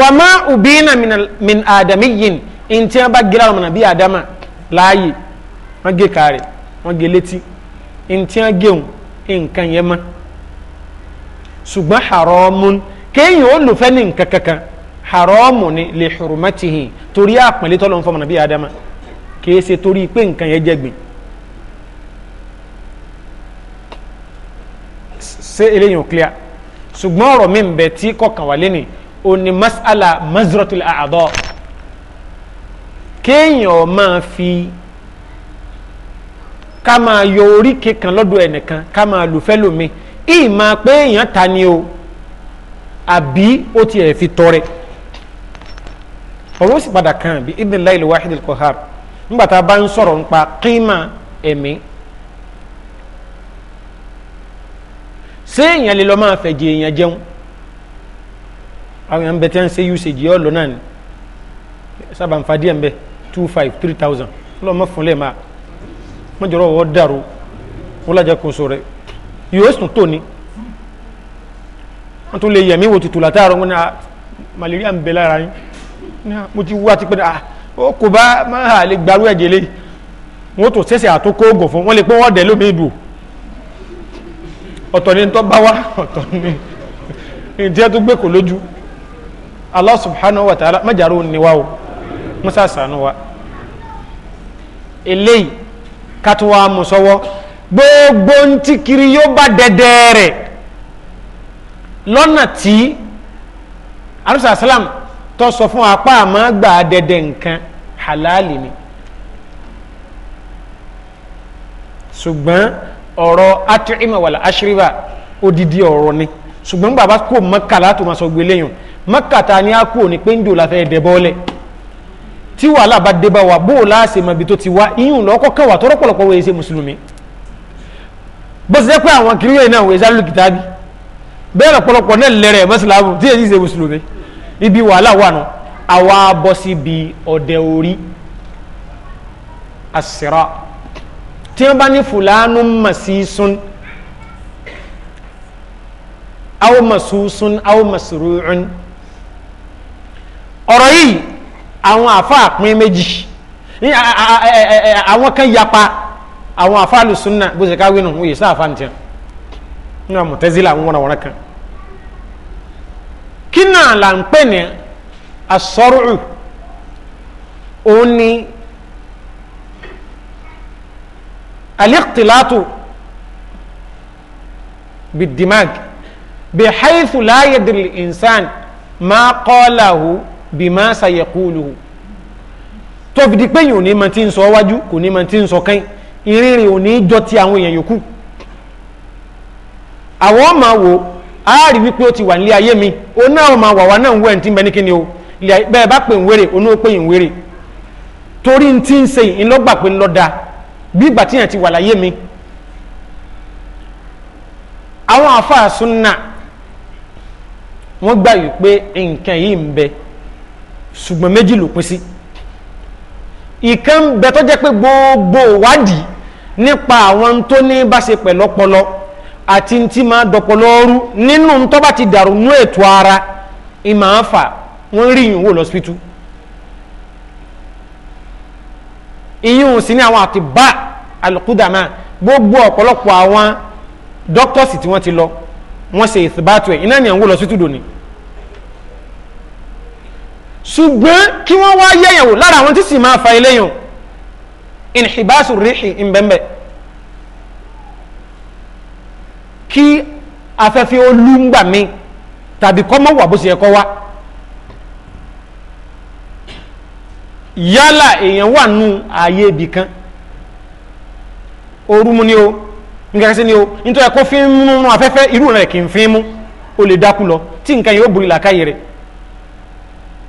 wàmà ubina min adamiyin ntí wọn bá gíra ọmọ nàbí adama láàyè wọn gé kaarẹ wọn gé létí ntí wọn géun nǹkan yẹn ma ṣùgbọ́n haramun kéèyàn ó ní nǹkan kankan haramu ni lè hurumatihi torí àpọ̀nlé tọ́lọ́ ń fọmọ nàbí adama kìí ṣe torí pé nǹkan yẹn jẹ́ gbìn ṣé eléyìí ò clear ṣùgbọ́n ọ̀rọ̀ mi ń bẹ tí kọkàn wà lẹ́nìí o ní mas'ala mazratul a'adha kéèyàn máa fi ká máa yọ oríkèé kan lọ́dọ̀ ẹnìkan ká máa lùfẹ́ lómi ìyí máa pé èèyàn ta ni o àbí ó tiẹ̀ fi tọrẹ ọ̀rọ̀ sì padà kàn bí ibn lail wahid al nígbà tá a bá ń sọ̀rọ̀ nípa qima ẹ̀mí. E ṣé èèyàn lè lọ máa fẹ̀jẹ̀ èèyàn jẹun àwọn èèyàn bẹ tẹ́ ń ṣe usage yọ lọ náà ni sábà ń two five three thousand lọ́ọ́ mọ̀ fúnlẹ̀ máa wọ́n jọrọ̀ wọ́n dàrú wọ́n lájà kó so rẹ̀ yóò sùn tó ni wọ́n tún lè yẹ̀mí wo tutù látàárọ̀ wọn ni ah, malaria ń bẹ lára yín ah, mo ti wá ti pé ah, kò bá máa lè gbarú ẹ̀jẹ̀ lé wọ́n tó ṣẹ̀ṣẹ̀ àtúkọ́ ògùn fún wọ́n lè pé wọ́n dẹ̀ lómi ìdùn ọ̀tọ̀ ni tó bá wá ọ̀tọ̀ ni ìdí ẹ̀ gbé kò lójú Allah subhanahu wa ta'ala mẹ́jàrú ni wá o musa sànú wa eléyìí katuwa musọwọ́ gbogbo ntí kiri yóò bá dẹ́dẹ́ rẹ̀ lọ́nà tí arusa salam tó sọ fún apá àmọ́ gbà dẹ́dẹ́ nǹkan halali ni ṣùgbọ́n ọ̀rọ̀ atirima wàlà aṣíríwá odidi ọ̀rọ̀ ni ṣùgbọ́n bàbá kò mọ́kà látò máa sọ gbẹlẹ́yìn mọ́kà ta ni a kò ní pé ń jò láfẹ́ dẹ̀bọ́lẹ̀ tí wàhálà bá dé bá wa bó o láàṣẹ mọ̀bi tó ti wá iyún lọ́kọ́ kan wà tọ́rọ̀ pọ̀lọpọ̀ wọ́n ṣe mùsùlùmí bó ṣe jẹ́ pé àwọn kìrìyẹ náà wọ́n ṣe alùkìtàbí bẹ́ẹ̀ lọ́pọ̀lọpọ̀ náà lẹ́rẹ̀ mọ́sálàmù tí èyí ṣe mùsùlùmí ibi wàhálà wà nù àwa bọ́ síbi ọ̀dẹ̀ orí àṣírà tí wọ́n bá ní fùlánù màsísun aw màsúsun aw màsúrùn ọ̀rọ̀ yìí àwọn àfáà pín méjì àwọn kan yapa àwọn àfáà lùsùnà bó ṣe káwé nù wòye sáà fáǹtì ní àwọn mọ̀tẹ́sílà àwọn wọnàwọnà kan kí náà là ń pè ní asọ́rùn òun ni. الاختلاط بالدماغ بحيث لا يدري الإنسان ما قاله بما سيقوله tó fi di pé yìí ò ní ma ti ń sọ wájú kò ní ma ti ń sọ kẹ́yìn ìrìnrìn ò ní jọ ti àwọn èèyàn yòókù àwọn ọmọ wo a rí wípé ó ti wà nílé ayé mi ó náà ọmọ wàwá náà ń wẹ̀ ní ti ń bẹ ní kíni o bẹ́ẹ̀ bá pè ń wéré onú ó pè ń wéré torí ń ti ń ṣe ìlọ́gbà pé ń da bí bàtíyàn ti wà láyé mi àwọn àfáà súnà wọ́n gbà yìí pé nǹkan yìí ń bẹ ṣùgbọ́n méjì ló pín sí ìkan ń bẹ tó jẹ́ pé gbogbo ìwádìí nípa àwọn tó ní bá ṣe ọpọlọ àti tí máa dọpọlọ ọrú nínú tó bá ti dàrú nú ètò ara ìmọ̀ àfà wọ́n rí ìyìnwó lọ́sítú ìyún sí ní àwọn àtibá alukudama gbogbo ọ̀pọ̀lọpọ̀ àwọn dọ́kítọ̀sì tí wọ́n ti lọ wọ́n ṣe ìsìbátò ẹ̀ iná ni à ń wò lọ sí tùdò ni ṣùgbọ́n kí wọ́n wá yẹ̀yẹ̀ wò lára àwọn tí sì máa fa ilé yàn ìnìbáṣù ríhì ìbẹ̀m̀bẹ̀ kí afẹ́fẹ́ olú ń gbà mí tàbí kọ́ mọ́ wà bó ṣe yẹ kọ́ wá. yálà èèyàn wà nù bi kan ooru mu ni o nǹkan ni o nítorí ẹ̀kọ́ fi ń mú afẹ́fẹ́ irú rẹ̀ kì í fi ń mú o lè dákú lọ tí nǹkan yìí ó burú làákàyè rẹ̀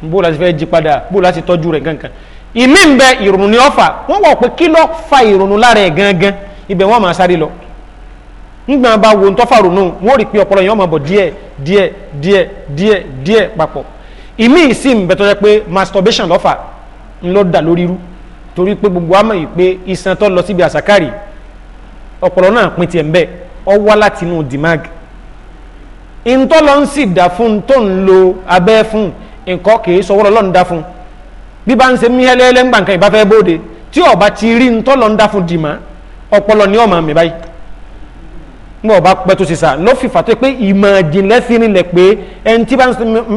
bó láti fẹ́ jí padà bó láti tọ́jú rẹ̀ gangan ìmí ń bẹ ìrònú ni ọ fà wọ́n wọ̀ pé kí fa ìrònú lára ẹ̀ gangan ibẹ̀ wọ́n máa sáré lọ nígbà bá wo ń tọ́fà ronú wọ́n rí pé yẹn wọ́n máa bọ̀ díẹ̀ díẹ̀ díẹ̀ díẹ̀ díẹ̀ papọ̀ ìmí bẹ pé masturbation ńlọ́dà lórí irú torí pé gbogbo àmọ̀ yìí pé iṣan tó lọ síbi àṣàkárì ọpọlọ náà pin tiẹ̀ ń bẹ ọ wá láti inú dimag ntọ́lọ́ ń sì dà fún tó ń lo abẹ́ fún nǹkan kìí sọ wọ́rọ́ lọ́n dá fún bí bá ń ṣe mí hẹ́lẹ́hẹ́lẹ́ ńgbà nǹkan ìbáfẹ́ bóde tí ọba ti rí ntọ́lọ́ ń dá fún dìmá ọpọlọ ni ọmọ mi báyìí ngbọ ọba pẹ tó ṣe sá ló fi fàtó pé ìmọ̀ ìjìnlẹ̀ fi pé ẹni tí bá ń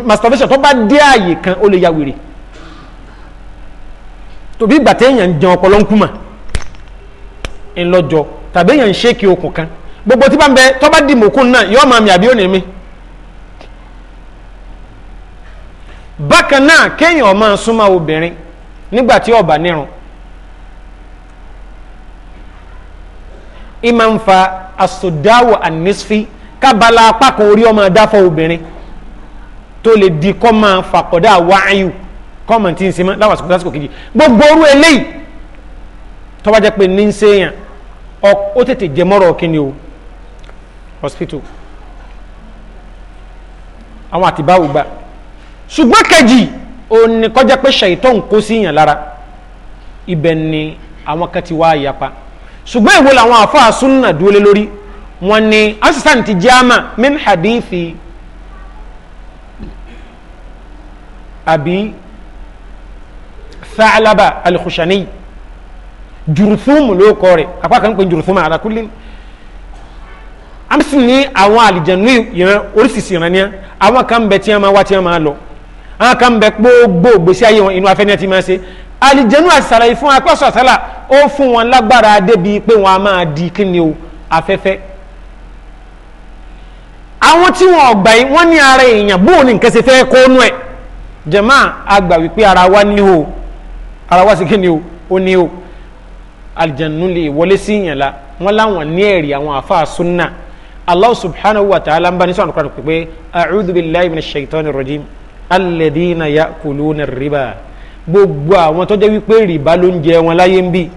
masturbation tó bá dé àyè kan ó lè ya wèrè tòbí ìgbà téèyàn ń jẹun ọpọlọ ń kú mà ńlọjọ tàbí èèyàn ń ṣéèkì okùn kan gbogbo tí bá ń bẹ tó di mòkún náà yóò máa mi àbí òní mi bákan náà kéèyàn máa súnmọ́ obìnrin nígbà tí ó bá nírun ìmọ̀ ń fa asòdáwò ànísfí kábàlà apá kan orí ọmọ adáfọ́ obìnrin tó lè di kọ́ máa fàkọ́dá wáyù kọ́mọ̀ tí ń se mọ́ láwàsíkò lásìkò kejì gbogbo orú eléyìí tọ́wọ́ jẹ́ pé ní ń se yàn ó tètè jẹ mọ́rọ̀ kíni o hospital àwọn àtibáwò gbà ṣùgbọ́n kejì òní kọjá pé ṣàìtọ́ ń sí yàn lára ibẹ̀ ni àwọn kan ti wá yapa ṣùgbọ́n èwo làwọn àfáà súnà dúró lórí wọn ni asisanti jama min hadithi abi. Tha'laba al-Khushani Jurthum ló kọ rẹ̀ apá kan ń pè Jurthum ala kulli amsi ní àwọn àlìjẹ̀nú ìran oríṣiríṣi ìran ni àwọn kan bẹ tí wọn máa wá tí wọn máa lọ àwọn kan bẹ gbogbo gbèsè ayé wọn inú afẹ́ni ti máa ṣe àlìjẹ̀nú àṣàlàyé fún akọ́sọ̀ sálà ó fún wọn lágbára débi pé wọn a máa di kíni o afẹ́fẹ́ àwọn tí wọn ọgbà yìí wọn ní ara èèyàn bóun ní nǹkan ṣe fẹ́ kó nú ẹ̀ jẹ̀máà àgbà wípé ara wa ní o ara wa sì kí ni o ó ní o alìjẹ̀nu lè wọlé sí ìyàn la wọ́n láwọn ní ẹ̀rí àwọn àfa sunna allah subhanahu wa ta'ala ń bá nísàn àkùrọ̀ pípé a'udhu billahi minash shaitani rajim alladhina ya'kuluna riba gbogbo àwọn tó jẹ́ wípé rìbá ló ń jẹ wọn láyé ń bì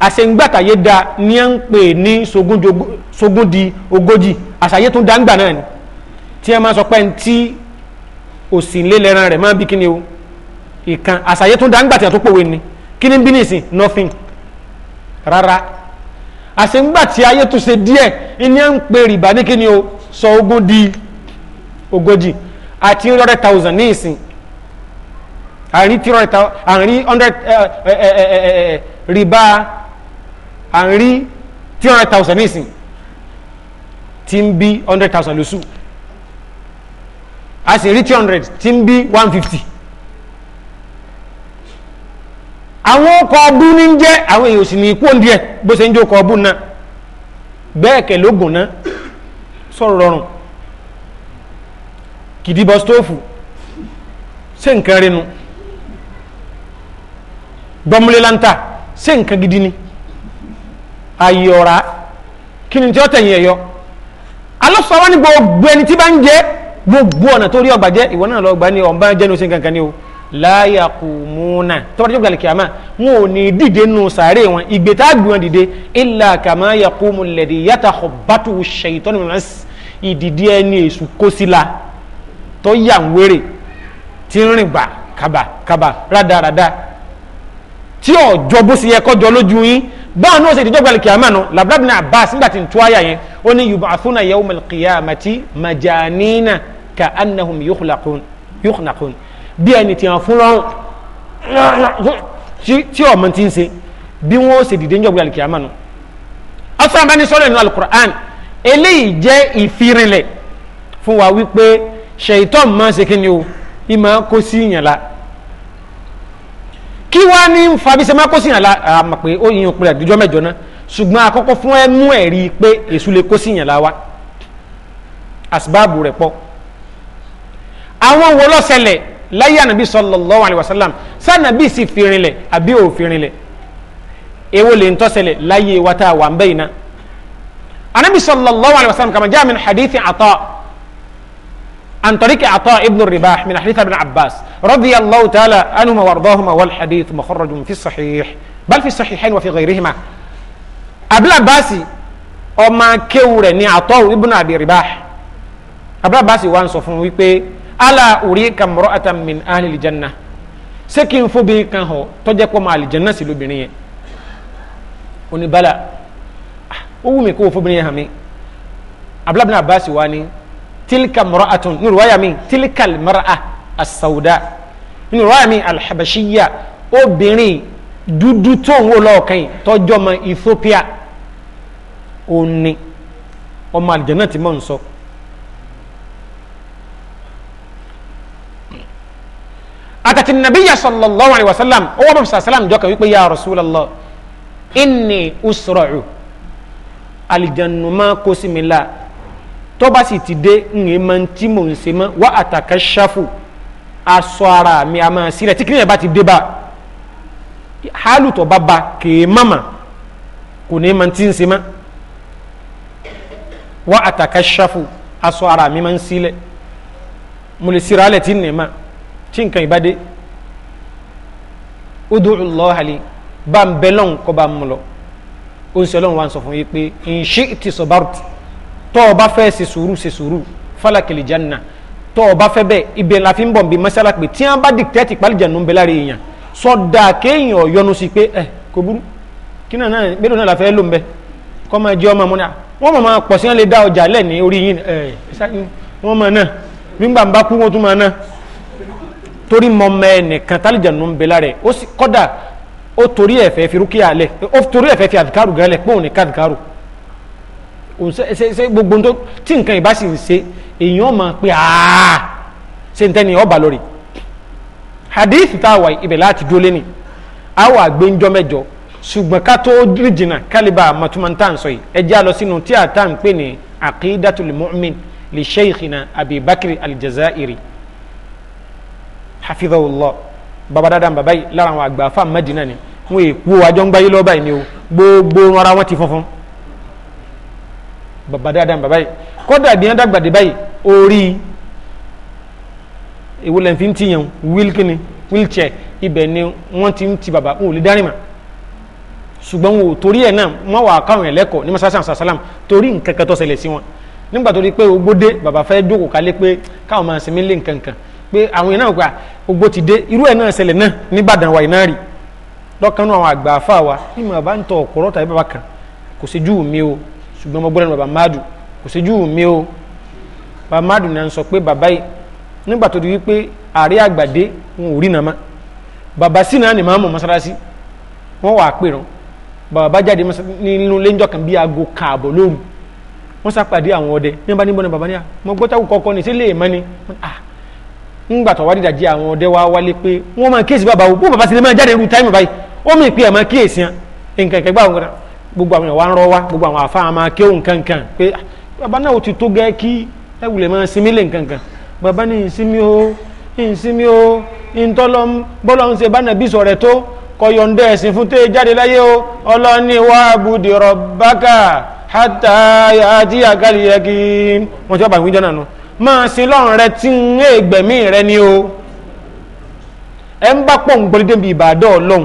àṣẹ̀ǹgbàtàyé da ní à ń pè ní sogún di ogójì àṣàyé tún dá ń gbà náà ni tí ẹ máa sọ òsì ńlẹ̀ lẹ́ran rẹ̀ máa bí kíni o ìkan àṣàyẹ tó dáńgbà tí a tó pòwe ni kíni bí nìsín nothing rárá àṣeǹgbà tí ayé tó ṣe díẹ̀ ìní à ń pè rìbá ní kíni o sọ ogún di ogójì àti hundred thousand ní ìsìn àrí two hundred thousand àrí hundred eh, eh, eh, rìbá àrí two hundred thousand ní ìsìn tí ń bí hundred thousand lóṣù a sì rí three hundred tí ń bí one fifty àwọn ọkọ̀ ọbú ní ń jẹ́ àwọn èèyàn sì ní ikú òǹdí ẹ̀ bó ṣe ń jẹ́ ọkọ̀ ọbú náà bẹ́ẹ̀kẹ̀ lógùn náà sọ̀rọ̀ rọrùn kìdìbọ̀ stóòfù ṣé nǹkan rinu gbọmúlé lanta ṣé nǹkan gidi ni ayé kí ni tí ó tẹ̀yìn ẹ̀yọ alọ́sọ̀rọ̀ ní gbogbo tí bá ń jẹ́ gbogbo ọ̀nà tó rí ọgbà jẹ́ ìwọ náà lọ́gbà ni ọ̀nbá jẹ́nu sí kankan ni o láyà kò múnà tọ́ba tó gbàlẹ̀ kìámà wọn ò ní dìde nù sàárè wọn ìgbé tá a gbé wọn dìde ilà kàmá yà kó mu lẹ̀dí yàtà kò bàtú ṣèyítọ́ ni wọn ìdìdí ẹni èṣù kó sí la tó yà ń wéré tí ń rìn gbà kàbà kàbà rádaràda tí ọjọ́ bó ṣe yẹ kọjọ́ lójú yín báwọn náà ṣe ìdíjọ́ gbalẹ̀ kìámà nù labdabna abbas nígbà tí ń tó àyà yẹn ó ní yub'athuna yawmal qiyamati majanina ka annahum yukhlaqun yukhlaqun bí ẹni tí wọn fún lọ́rùn tí ọmọ ti ń ṣe bí wọn ó ṣe dìde níjọba alikiyama nù asọ́nà bá ní sọ́rọ̀ nínú alukur'an eléyìí jẹ́ ìfirinlẹ̀ fún wa wípé ṣèyítọ́n máa ṣe kí ni o ìmọ̀ kó sí ìyàn la kí wá ní fàbíṣẹ́ máa kó sí ìyàn la àmọ̀ pé ó yìnyín pé àdújọ́ mẹ́jọ náà ṣùgbọ́n àkọ́kọ́ fún ẹnu ẹ̀rí pé èṣù lè kó sí ìyàn la wa àsìbáàbù rẹ̀ pọ̀ àwọn wo ló ṣẹlẹ̀ láyé ànàbí sallallahu alayhi wa sallam sànàbí sì fìrìnlẹ̀ àbí ò fìrìnlẹ̀ èwo lè ń tó ṣẹlẹ̀ láyé wa tá a wà ń bẹ́yìn náà ànàbí sallallahu alayhi wa sallam kama jaa min hadithi ata عن طريق عطاء ابن الرباح من حديث ابن عباس رضي الله تعالى عنهما وارضاهما والحديث مخرج في الصحيح بل في الصحيحين وفي غيرهما ابن عباس ọmọ akéwù ni àtọ́ ibùnà àbí rìbá abúlábàásì wa ń sọ fún wípé ala urika mra'atan min ahli aljanna ṣé kí n fóbi kan hàn tọ́jẹ́ pọ́ máa aljanna sí lóbìnrin yẹn oníbàlà ah, ó wù mí kó o fóbìnrin yẹn hàn mí abúlábìnrin abasi wa ni tilka mra'atun nínú wáyà mi tilka mra'a as-sawda nínú wáyà mi alhabashiya obìnrin dúdú tó ń wò lọ́ọ̀kan yìí tọ́jọ́ ọmọ ethiopia ó ní ọmọ aljanna ti mọ̀ So àtàtì nàbíyà sallallahu alayhi wa sallam ó wọ́n bọ̀ sà sàlám jọ́ka wípé ya rasulallah inni usra'u alìjẹnu máa kó sí mi la tó bá sì ti dé ǹyẹn máa ń tí mò ń se mọ́ wá àtàkà ṣáfù aṣọ ara mi a máa sílẹ̀ tí kìnìyàn bá ti dé bá hálù bá ba kèé mama kò ní máa ń tí ń se mọ́ wá àtàkà ṣáfù aṣọ ara mi máa ń sílẹ̀ mo lè sira alẹ́ tí nìyẹn máa tí nǹkan ìbádé ud'u Allah li bá ń bẹ lọ́n kọ́ bá ń mú lọ ó ń sọ lọ́n wa ń sọ fún yìí pé in shi'ti sabartu tọ́ ọ bá fẹ́ ṣe sùúrù ṣe sùúrù falakil janna tọ́ ọ bá fẹ́ bẹ́ẹ̀ ibẹ̀ la fi ń bọ̀ bí masala pé tí wọ́n bá dìtẹ́tì pálíjànú ń bẹ lára èèyàn sọ́dà kéèyàn ọ̀yọ́nu sí pé ẹ̀ eh, kò burú kí náà náà gbẹ́dọ̀ náà la fẹ́ lò ń bẹ́ẹ̀ kọ́ máa jẹ́ ọmọ múnà wọ́n mọ̀ máa pọ̀ sí wọn lè dá ọjà lẹ̀ ní orí yín eh, wọ́n mọ̀ náà nígbà bá kú wọn tún máa náà torí mọmọ ẹnìkan tálíjànú ń bẹ lára ẹ ó sì kọ́dà ó torí ẹ̀fẹ́ fi rúkìá lẹ̀ ó torí ẹ̀fẹ́ fi àdìkárù gan lẹ̀ pọ́ùn ní kádìkárù ṣe gbogbo tó tí nǹkan ìbá sì ń ṣe èèyàn máa pé aaa ṣe ń tẹ́ni ọba lórí hadith tá a wà ibẹ̀ láti dúró lẹ́nìí a wà gbé ńjọ́ mẹ́jọ ṣùgbọ́n ká tó rí jìnnà kálíbà mọ̀túmọ̀ntàn sọ yìí ẹ jẹ́ lọ sínú tí a tá à ń pè ní aqidatul mu'min li sheikhina Abi Bakri al-Jazairi hafidhahullah baba dada baba yìí lára àwọn àgbà fáà Madina ni wọn èpo àjọ ń gbáyé lọ́ọ́ báyìí ni o gbogbo wọn ara wọn ti funfun baba dada baba yìí kódà bí wọn dàgbà dé báyìí orí ìwúlẹ̀ fi ń ti yàn wílkìnì wílchẹ ibẹ̀ ni wọ́n ti ń ti baba wọn ò lè dárìn mà ṣùgbọ́n wọn ò torí ẹ̀ náà wọn wà káwọn ẹ̀lẹ́kọ̀ọ́ ní masasa sàsálàm torí nǹkan tó ṣẹlẹ̀ sí wọn nígbà tó di pé ogbó dé baba fẹ́ dókòó kálé pé káwọn máa sinmi lé nǹkan pé àwọn yẹn náà gba gbogbo ti dé irú ẹ̀ náà ṣẹlẹ̀ náà nìbàdàn wa iná rí lọ́kànnú àwọn àgbà àfa wa ní màá bá ń tọ ọ̀pọ̀rọ̀ tàbí bàbá kan kò ṣe júù mi o ṣùgbọ́n mo gbọ́dọ̀ ní bàbá máàdù kò ṣe júù mi o bàbá máàdù ni à ń sọ pé bàbá yìí nígbà tó di wípé àárẹ̀ àgbàdé wọn ò rí nàmá bàbá sí náà ni màá mọ̀ mọ́sálásí wọ́n wà á pè rán bàbá jáde nínú léńjọ́ kan bíi aago kààbọ̀ lóru wọ́n sápàdé àwọn ọdẹ ní bá níbọn ní bàbá ní à mọ gbọ́tàkù kọ́kọ́ ní sílé ìmọ̀ ni ah ńgbà tó wadi dídàjí àwọn ọdẹ wa wálé pé wọ́n máa kíyèsí bàbá wo bó bàbá sì lè máa jáde irú táìmù báyìí ó mì pé ẹ̀ máa kíyèsí hàn nǹkan ìkẹgbẹ́ àwọn kan gbogbo àwọn ìwà ń rọ wá gbogbo àwọn àfa àmà kéwù nǹkan kan pé ah, bàbá náà ó ti tó gẹ́ kí ẹ wùlẹ̀ máa sinmi lé nǹkan kan bàbá ní ìsinmi o ìsinmi o ìtọ́lọ́ bọ́lọ́ ń ṣe bá nàbí sọ̀rẹ̀ tó kọyọ̀ǹdẹ́ ẹ̀sìn fún tẹ́ jáde láyé o ọlọ́ni wà bùdì rọ̀bákà hátà àti àgàlì yẹ́kì wọ́n ti wá bàbá ìwíjọ́ náà nù máa sin lọ́run rẹ tí ń ń ègbẹ̀mí rẹ ni o ẹ ń bá pọ̀ ń gbọ́lé débi ìbàdàn ọlọ́run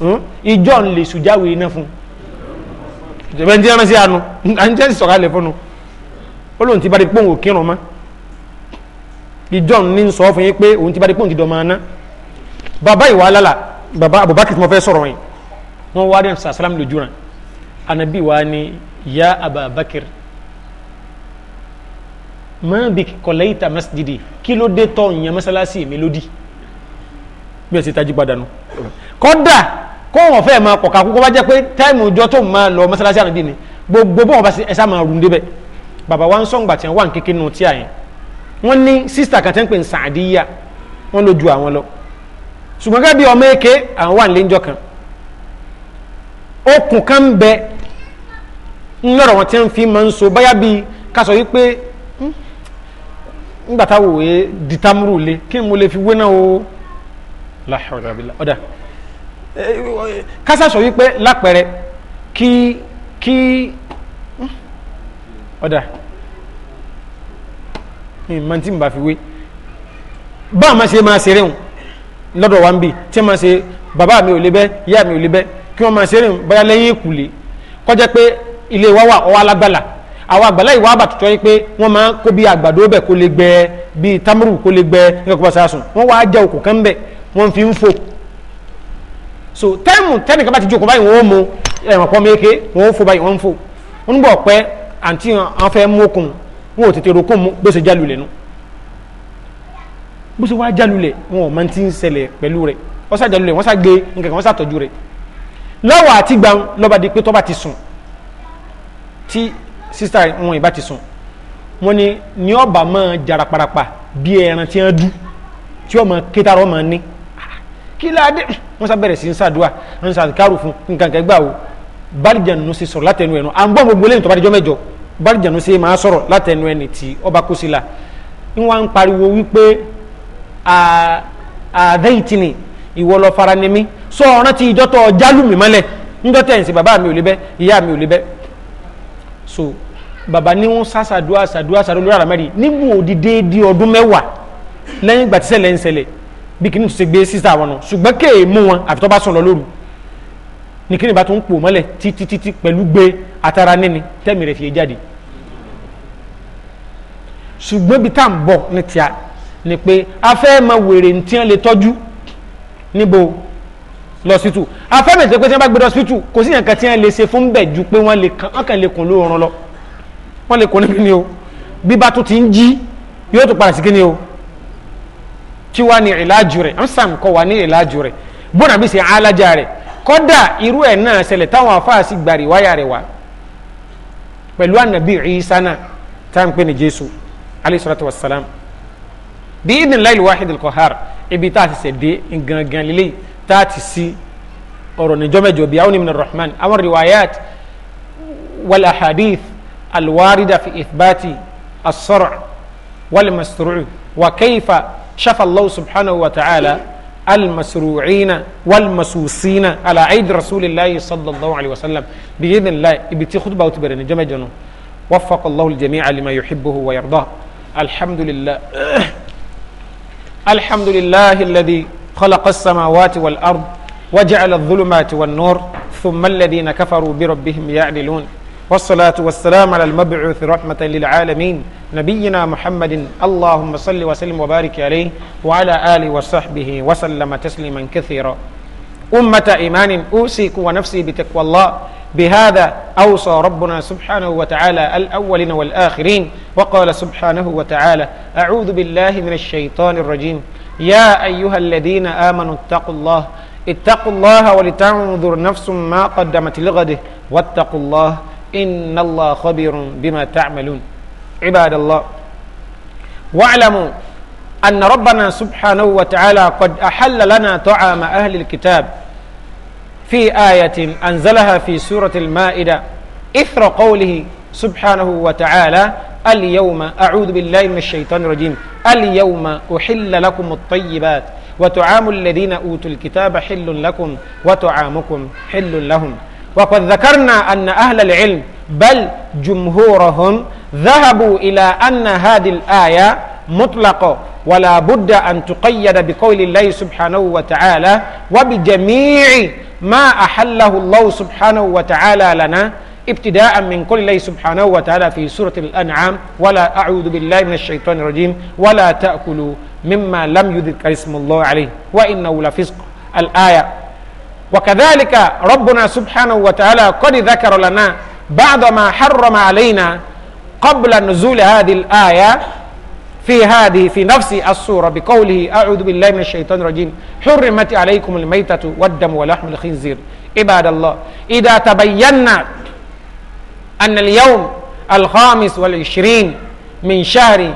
hmm? ìjọ ń lè sùjáwé iná fún ìjọba ń jẹ́ ránṣẹ́ àánú à ń jẹ́ sọ̀kalẹ̀ fún un ó lóun ti bá di pọ́ùn òkè ràn mọ́ ìjọ ń ní sọ fún yín pé òun ti bá di pọ́ùn ti dọ̀ máa ná bàbá ìwà alálà bàbá Abubakar tí mo fẹ́ sọ̀rọ̀ yìí wọ́n wá dẹ́n sàsálàmù lójú rẹ̀ ànábì wa ni ya Abubakar mọ́bí kọ̀lẹ́yìntà masjidi kí ló dé tọ́ ìyẹn mọ́sálásí mi lódì bí ẹ ti tají padà nù. kọ́dà kó wọn fẹ́ máa pọ̀ka kókó bá jẹ́ pé táìmù ìjọ tó máa lọ mọ́sálásí ànábì ni gbogbo bọ́n bá ṣe ẹ̀sà máa rùn débẹ̀ bàbá wa ń sọ̀ǹgbà tí wọ́n wà kékeré nù tí a yẹn wọ́n ní sísítà kan tẹ́ ń pè ní sàdíyà wọ́n ló ju àwọn lọ ṣùgbọ́n gẹ́gẹ́ bí ọmọ èké àwọn wà nílé ńjọ kan okùn kan ń bẹ ńlọrọ̀ wọn tí fi máa ń so báyà bíi ká sọ ngbàtà wò wé ditamuru le kí mo lè fi wé o láhùrẹ́bílà ọ̀dà kásá sọ wípé lápẹ̀rẹ̀ kí kí hmm? ọ̀dà ìmọ̀ tí n bá fi wé bá a ma ṣe máa ṣeré hùn lọ́dọ̀ wa ń bì tí a ma ṣe bàbá mi ò lè bẹ́ ìyá mi ò lè bẹ́ kí wọ́n máa ṣeré hùn báyà lẹ́yìn ìkùlé kọjá pé ilé wa wà ọwọ́ alágbàlà àwọn àgbàlá ìwà àbàtò tó yẹ pé wọ́n máa kó bí àgbàdo bẹ̀ kó lè gbẹ bí tamuru kó lè gbẹ nígbà kó bá sàásùn wọ́n wá jẹ òkú kan bẹ̀ wọ́n fi ń fò so tẹ́ẹ̀mù tẹ́nìkan bá ti jókòó báyìí wọ́n ó mu ẹ̀wọ̀n pọ́ méke wọ́n ó fò báyìí wọ́n ń fò wọ́n ń bọ̀ pẹ́ àǹtí wọn fẹ́ mú okùn wọn ò tètè rokún mu bó ṣe jálulẹ̀ nu bó ṣe wá jálulẹ̀ wọn ò máa ti ń ṣẹlẹ̀ pẹ̀lú rẹ̀ wọ́n sá jálulẹ̀ wọ́n sá gbé nǹkan kan wọ́n sá tọ́jú rẹ̀ lọ́wọ́ àti di pé tọ́ba ti sùn tí Sista, wọn ìbá ti sùn wọn ni ní ọba máa jara parapa bí ẹran tí wọn dú tí wọn máa kéta rọ máa ní kí ládé wọn sá bẹ̀rẹ̀ sí ń sàdúà ń sàdúkàrò fún nǹkan kan gbà o bálìjànù sí sọ̀rọ̀ látẹnu ẹnu à ń gbọ́n gbogbo lẹ́yìn tó bá dijọ́ mẹ́jọ bálìjànù sí máa sọ̀rọ̀ látẹnu ẹni tí ọba kó sí la wọn ń pariwo wípé àdéhìtìní ìwọ lọ fara ni mí sọ ọ̀ràn tí ìjọ́tọ̀ jálùmí mọ́lẹ̀ ń jọ́tẹ̀ ẹ̀ mi ò lè bẹ́ ìyá mi ò lè so baba ni wọn sá sàdúrà sàdúrà sàdúrà lórí àràmẹ́rì nígbò òdi déédé ọdún mẹ́wàá lẹ́yìn ìgbà tí ṣẹlẹ̀ ń ṣẹlẹ̀ bí kìíní tó ṣe gbé sísá wọn nù ṣùgbọ́n kéè mú wọn àfi tó bá sùn lóru ní kìíní bá tó ń pò mọ́lẹ̀ títí títí atara níní tẹ́mi rẹ̀ fi jáde ṣùgbọ́n bí tá à ń bọ̀ ní ni pé afẹ́ mọ wèrè ntí wọn lè tọ́jú lọ́sítù afẹ́mẹ̀tẹ́ pé tí wọ́n bá gbé lọ́sítù kò sí nǹkan tí wọ́n lè ṣe fún bẹ̀ ju pé wọ́n lè kàn lè kùn lóorun lọ wọ́n lè kùn níbi ni o bí bá tó ti ń jí yóò tó padà sí kíni o tí wàá ní ìlàjù rẹ̀ amsam kọ́ wàá ní ìlàjù rẹ̀ bọ́nà bí ṣe alájà rẹ̀ kọ́dà irú ẹ̀ náà ṣẹlẹ̀ táwọn afáàsì gbàrí wáyà rẹ̀ wá pẹ̀lú ànàbí ìsánà tá ń pè ní jésù alayhi salatu wassalam bí تاتي سي أو نجمة جو بيعوني من الرحمن أو الروايات والأحاديث الواردة في إثبات الصرع والمسروع وكيف شفى الله سبحانه وتعالى المسروعين والمسوسين على عيد رسول الله صلى الله عليه وسلم بإذن الله بيتي خطبة وتبرين نجمة جنو وفق الله الجميع لما يحبه ويرضاه الحمد لله الحمد لله الذي خلق السماوات والأرض وجعل الظلمات والنور ثم الذين كفروا بربهم يعدلون والصلاة والسلام على المبعوث رحمة للعالمين نبينا محمد اللهم صل وسلم وبارك عليه وعلى آله وصحبه وسلم تسليما كثيرا أمة إيمان أوصيك ونفسي بتقوى الله بهذا أوصى ربنا سبحانه وتعالى الأولين والآخرين وقال سبحانه وتعالى أعوذ بالله من الشيطان الرجيم يا أيها الذين آمنوا اتقوا الله اتقوا الله ولتنظر نفس ما قدمت لغده واتقوا الله إن الله خبير بما تعملون عباد الله واعلموا أن ربنا سبحانه وتعالى قد أحل لنا طعام أهل الكتاب في آية أنزلها في سورة المائدة إثر قوله سبحانه وتعالى اليوم أعوذ بالله من الشيطان الرجيم اليوم أحل لكم الطيبات وتعام الذين أوتوا الكتاب حل لكم وتعامكم حل لهم وقد ذكرنا أن أهل العلم بل جمهورهم ذهبوا إلى أن هذه الآية مطلقة ولا بد أن تقيد بقول الله سبحانه وتعالى وبجميع ما أحله الله سبحانه وتعالى لنا ابتداء من قول الله سبحانه وتعالى في سورة الأنعام ولا أعوذ بالله من الشيطان الرجيم ولا تأكلوا مما لم يذكر اسم الله عليه وإنه لفسق الآية وكذلك ربنا سبحانه وتعالى قد ذكر لنا بعض ما حرم علينا قبل نزول هذه الآية في هذه في نفس السورة بقوله أعوذ بالله من الشيطان الرجيم حرمت عليكم الميتة والدم ولحم الخنزير عباد الله إذا تبينت أن اليوم الخامس والعشرين من شهر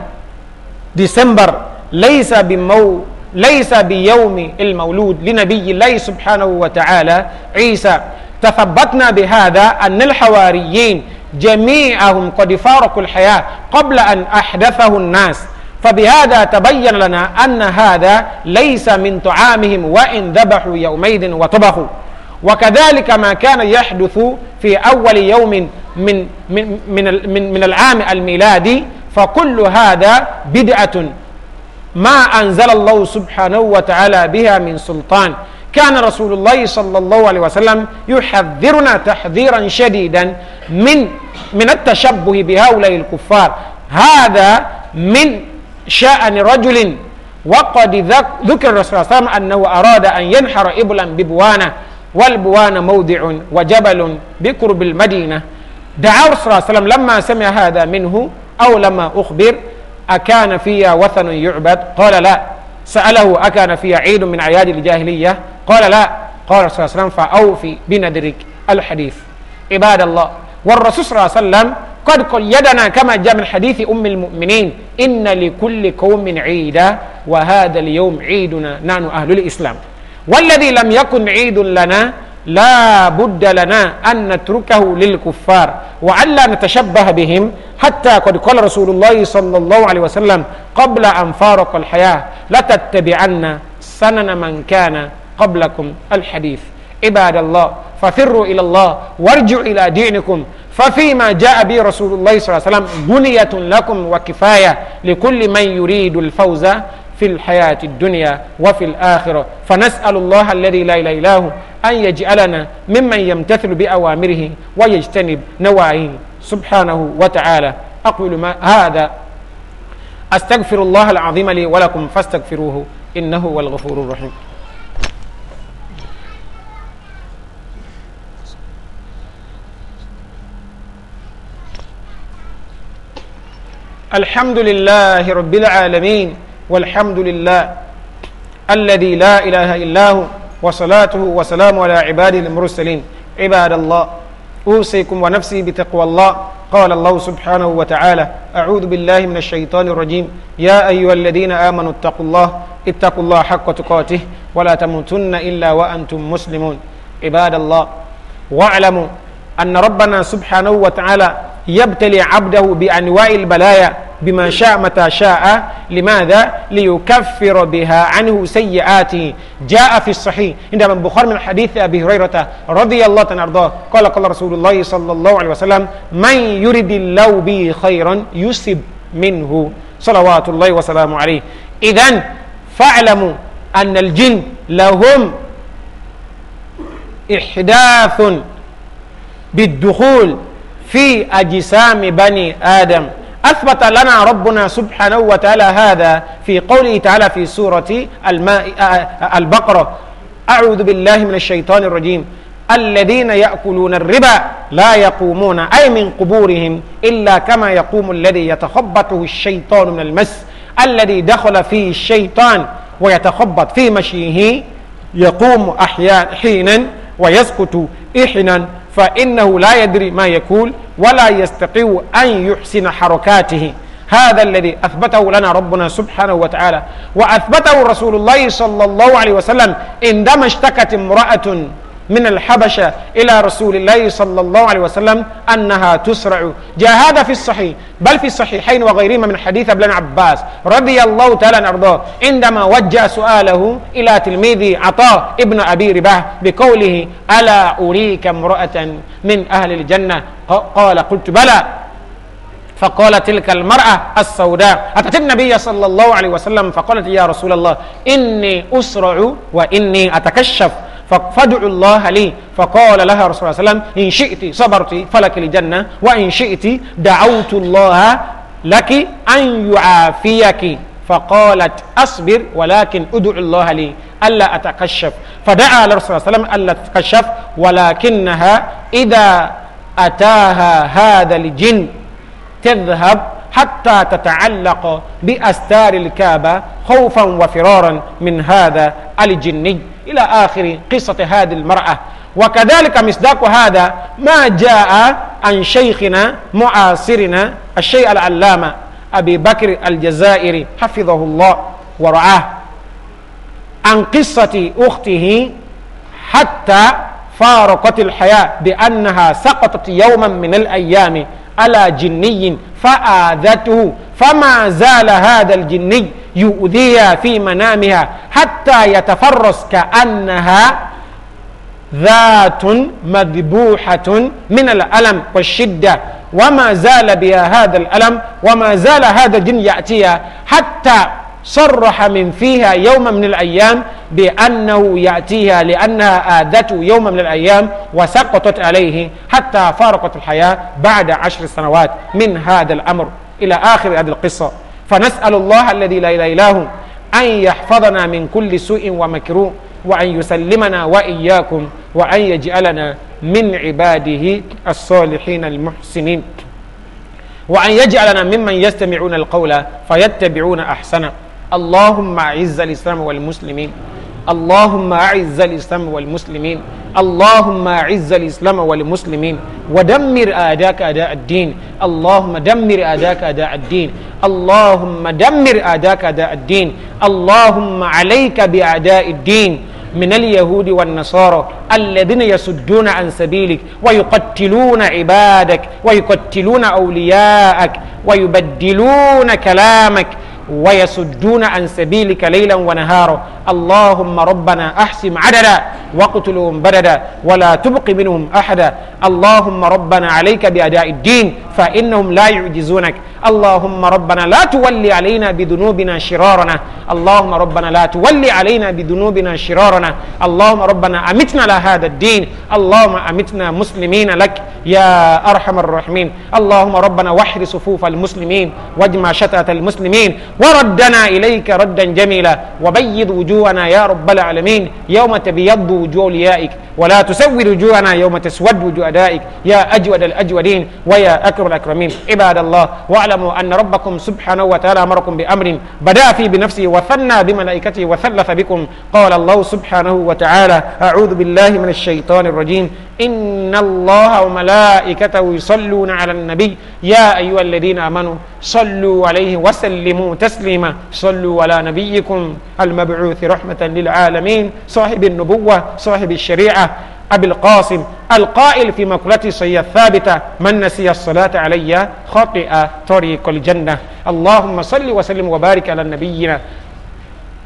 ديسمبر ليس بمو ليس بيوم المولود لنبي الله سبحانه وتعالى عيسى تثبتنا بهذا أن الحواريين جميعهم قد فارقوا الحياة قبل أن أحدثه الناس فبهذا تبين لنا أن هذا ليس من طعامهم وإن ذبحوا يومئذ وطبخوا وكذلك ما كان يحدث في أول يوم من من من من, من العام الميلادي فكل هذا بدعة ما أنزل الله سبحانه وتعالى بها من سلطان كان رسول الله صلى الله عليه وسلم يحذرنا تحذيرا شديدا من من التشبه بهؤلاء الكفار هذا من شأن رجل وقد ذكر الرسول صلى الله عليه وسلم أنه أراد أن ينحر إبلا ببوانه والبوان موضع وجبل بقرب المدينة دعا الرسول صلى الله عليه وسلم لما سمع هذا منه أو لما أخبر أكان فيها وثن يعبد قال لا سأله أكان فيها عيد من أعياد الجاهلية قال لا قال صلى الله عليه وسلم فأوفي بندرك الحديث عباد الله والرسول صلى الله عليه وسلم قد قيدنا كما جاء من حديث أم المؤمنين إن لكل قوم عيدا وهذا اليوم عيدنا نحن أهل الإسلام والذي لم يكن عيد لنا لا بد لنا أن نتركه للكفار وألا نتشبه بهم حتى قد قال رسول الله صلى الله عليه وسلم قبل أن فارق الحياة لتتبعن سنن من كان قبلكم الحديث عباد الله ففروا إلى الله وارجعوا إلى دينكم ففيما جاء به رسول الله صلى الله عليه وسلم بنية لكم وكفاية لكل من يريد الفوز في الحياة الدنيا وفي الآخرة فنسأل الله الذي لا إله إلا هو أن يجعلنا ممن يمتثل بأوامره ويجتنب نواهيه سبحانه وتعالى أقول ما هذا أستغفر الله العظيم لي ولكم فاستغفروه إنه هو الغفور الرحيم الحمد لله رب العالمين والحمد لله الذي لا إله إلا هو وصلاته وسلام على عباده المرسلين عباد الله أوصيكم ونفسي بتقوى الله قال الله سبحانه وتعالى أعوذ بالله من الشيطان الرجيم يا أيها الذين آمنوا اتقوا الله اتقوا الله حق تقاته ولا تموتن إلا وأنتم مسلمون عباد الله واعلموا أن ربنا سبحانه وتعالى يبتلي عبده بأنواع البلايا بما شاء متى شاء لماذا ليكفر بها عنه سيئاته جاء في الصحيح عندما من بخار من حديث أبي هريرة رضي الله عنه أرضاه قال قال رسول الله صلى الله عليه وسلم من يرد الله به خيرا يسب منه صلوات الله وسلامه عليه إذا فاعلموا أن الجن لهم إحداث بالدخول في أجسام بني آدم أثبت لنا ربنا سبحانه وتعالى هذا في قوله تعالى في سورة الماء آه، آه، البقرة أعوذ بالله من الشيطان الرجيم الذين يأكلون الربا لا يقومون أي من قبورهم إلا كما يقوم الذي يتخبطه الشيطان من المس الذي دخل فيه الشيطان ويتخبط في مشيه يقوم أحيانا ويسكت إحنا فإنه لا يدري ما يقول ولا يستطيع أن يحسن حركاته هذا الذي أثبته لنا ربنا سبحانه وتعالى وأثبته رسول الله صلى الله عليه وسلم عندما اشتكت امرأة من الحبشة إلى رسول الله صلى الله عليه وسلم أنها تسرع جاء هذا في الصحيح بل في الصحيحين وغيرهما من حديث ابن عباس رضي الله تعالى عنه عندما وجه سؤاله إلى تلميذ عطاء ابن أبي رباه بقوله ألا أريك امرأة من أهل الجنة قال قلت بلى فقال تلك المرأة السوداء أتت النبي صلى الله عليه وسلم فقالت يا رسول الله إني أسرع وإني أتكشف فادعوا الله لي فقال لها رسول الله صلى الله عليه وسلم إن شئت صبرت فلك الجنة وإن شئت دعوت الله لك أن يعافيك فقالت أصبر ولكن أدعو الله لي ألا أتكشف فدعا للرسول صلى الله عليه وسلم ألا تتكشف ولكنها إذا أتاها هذا الجن تذهب حتى تتعلق بأستار الكعبة خوفا وفرارا من هذا الجني إلى آخر قصة هذه المرأة وكذلك مصداق هذا ما جاء عن شيخنا معاصرنا الشيخ العلامة أبي بكر الجزائري حفظه الله ورعاه عن قصة أخته حتى فارقت الحياة بأنها سقطت يوما من الأيام على جني فآذته فما زال هذا الجني يؤذيها في منامها حتى يتفرس كأنها ذات مذبوحة من الألم والشدة وما زال بها هذا الألم وما زال هذا الجن يأتيها حتى صرح من فيها يوم من الأيام بأنه يأتيها لأنها آذته يوم من الأيام وسقطت عليه حتى فارقت الحياة بعد عشر سنوات من هذا الأمر إلى آخر هذه القصة فنسأل الله الذي لا إله إلا هو أن يحفظنا من كل سوء ومكروه وأن يسلمنا وإياكم وأن يجعلنا من عباده الصالحين المحسنين وأن يجعلنا ممن يستمعون القول فيتبعون أحسنه اللهم أعز الإسلام والمسلمين اللهم أعز الإسلام والمسلمين اللهم أعز الإسلام والمسلمين ودمر أعداءك أعداء الدين اللهم دمر أعداءك أعداء الدين اللهم دمر أعداءك أعداء الدين اللهم عليك بأعداء الدين من اليهود والنصارى الذين يسدون عن سبيلك ويقتلون عبادك ويقتلون أولياءك ويبدلون كلامك ويصدون عن سبيلك ليلا ونهارا اللهم ربنا احسم عددا واقتلهم بددا ولا تبق منهم احدا اللهم ربنا عليك باداء الدين فانهم لا يعجزونك اللهم ربنا لا تولي علينا بذنوبنا شرارنا اللهم ربنا لا تولي علينا بذنوبنا شرارنا اللهم ربنا أمتنا لهذا الدين اللهم أمتنا مسلمين لك يا أرحم الراحمين اللهم ربنا وحر صفوف المسلمين واجمع شتات المسلمين وردنا إليك ردا جميلا وبيض وجوهنا يا رب العالمين يوم تبيض وجوه أوليائك ولا تسود وجوهنا يوم تسود وجوه أدائك يا أجود الأجودين ويا أكرم الأكرمين عباد الله وعلى واعلموا أن ربكم سبحانه وتعالى أمركم بأمر بدأ فيه بنفسه وثنى بملائكته وثلث بكم قال الله سبحانه وتعالى أعوذ بالله من الشيطان الرجيم إن الله وملائكته يصلون على النبي يا أيها الذين آمنوا صلوا عليه وسلموا تسليما صلوا على نبيكم المبعوث رحمة للعالمين صاحب النبوة صاحب الشريعة أبي القاسم القائل في مقولته سي الثابتة من نسي الصلاة علي خطئ طريق الجنة اللهم صل وسلم وبارك على نبينا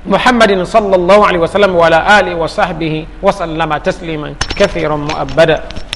محمد صلى الله عليه وسلم وعلى آله وصحبه وسلم تسليما كثيرا مؤبدا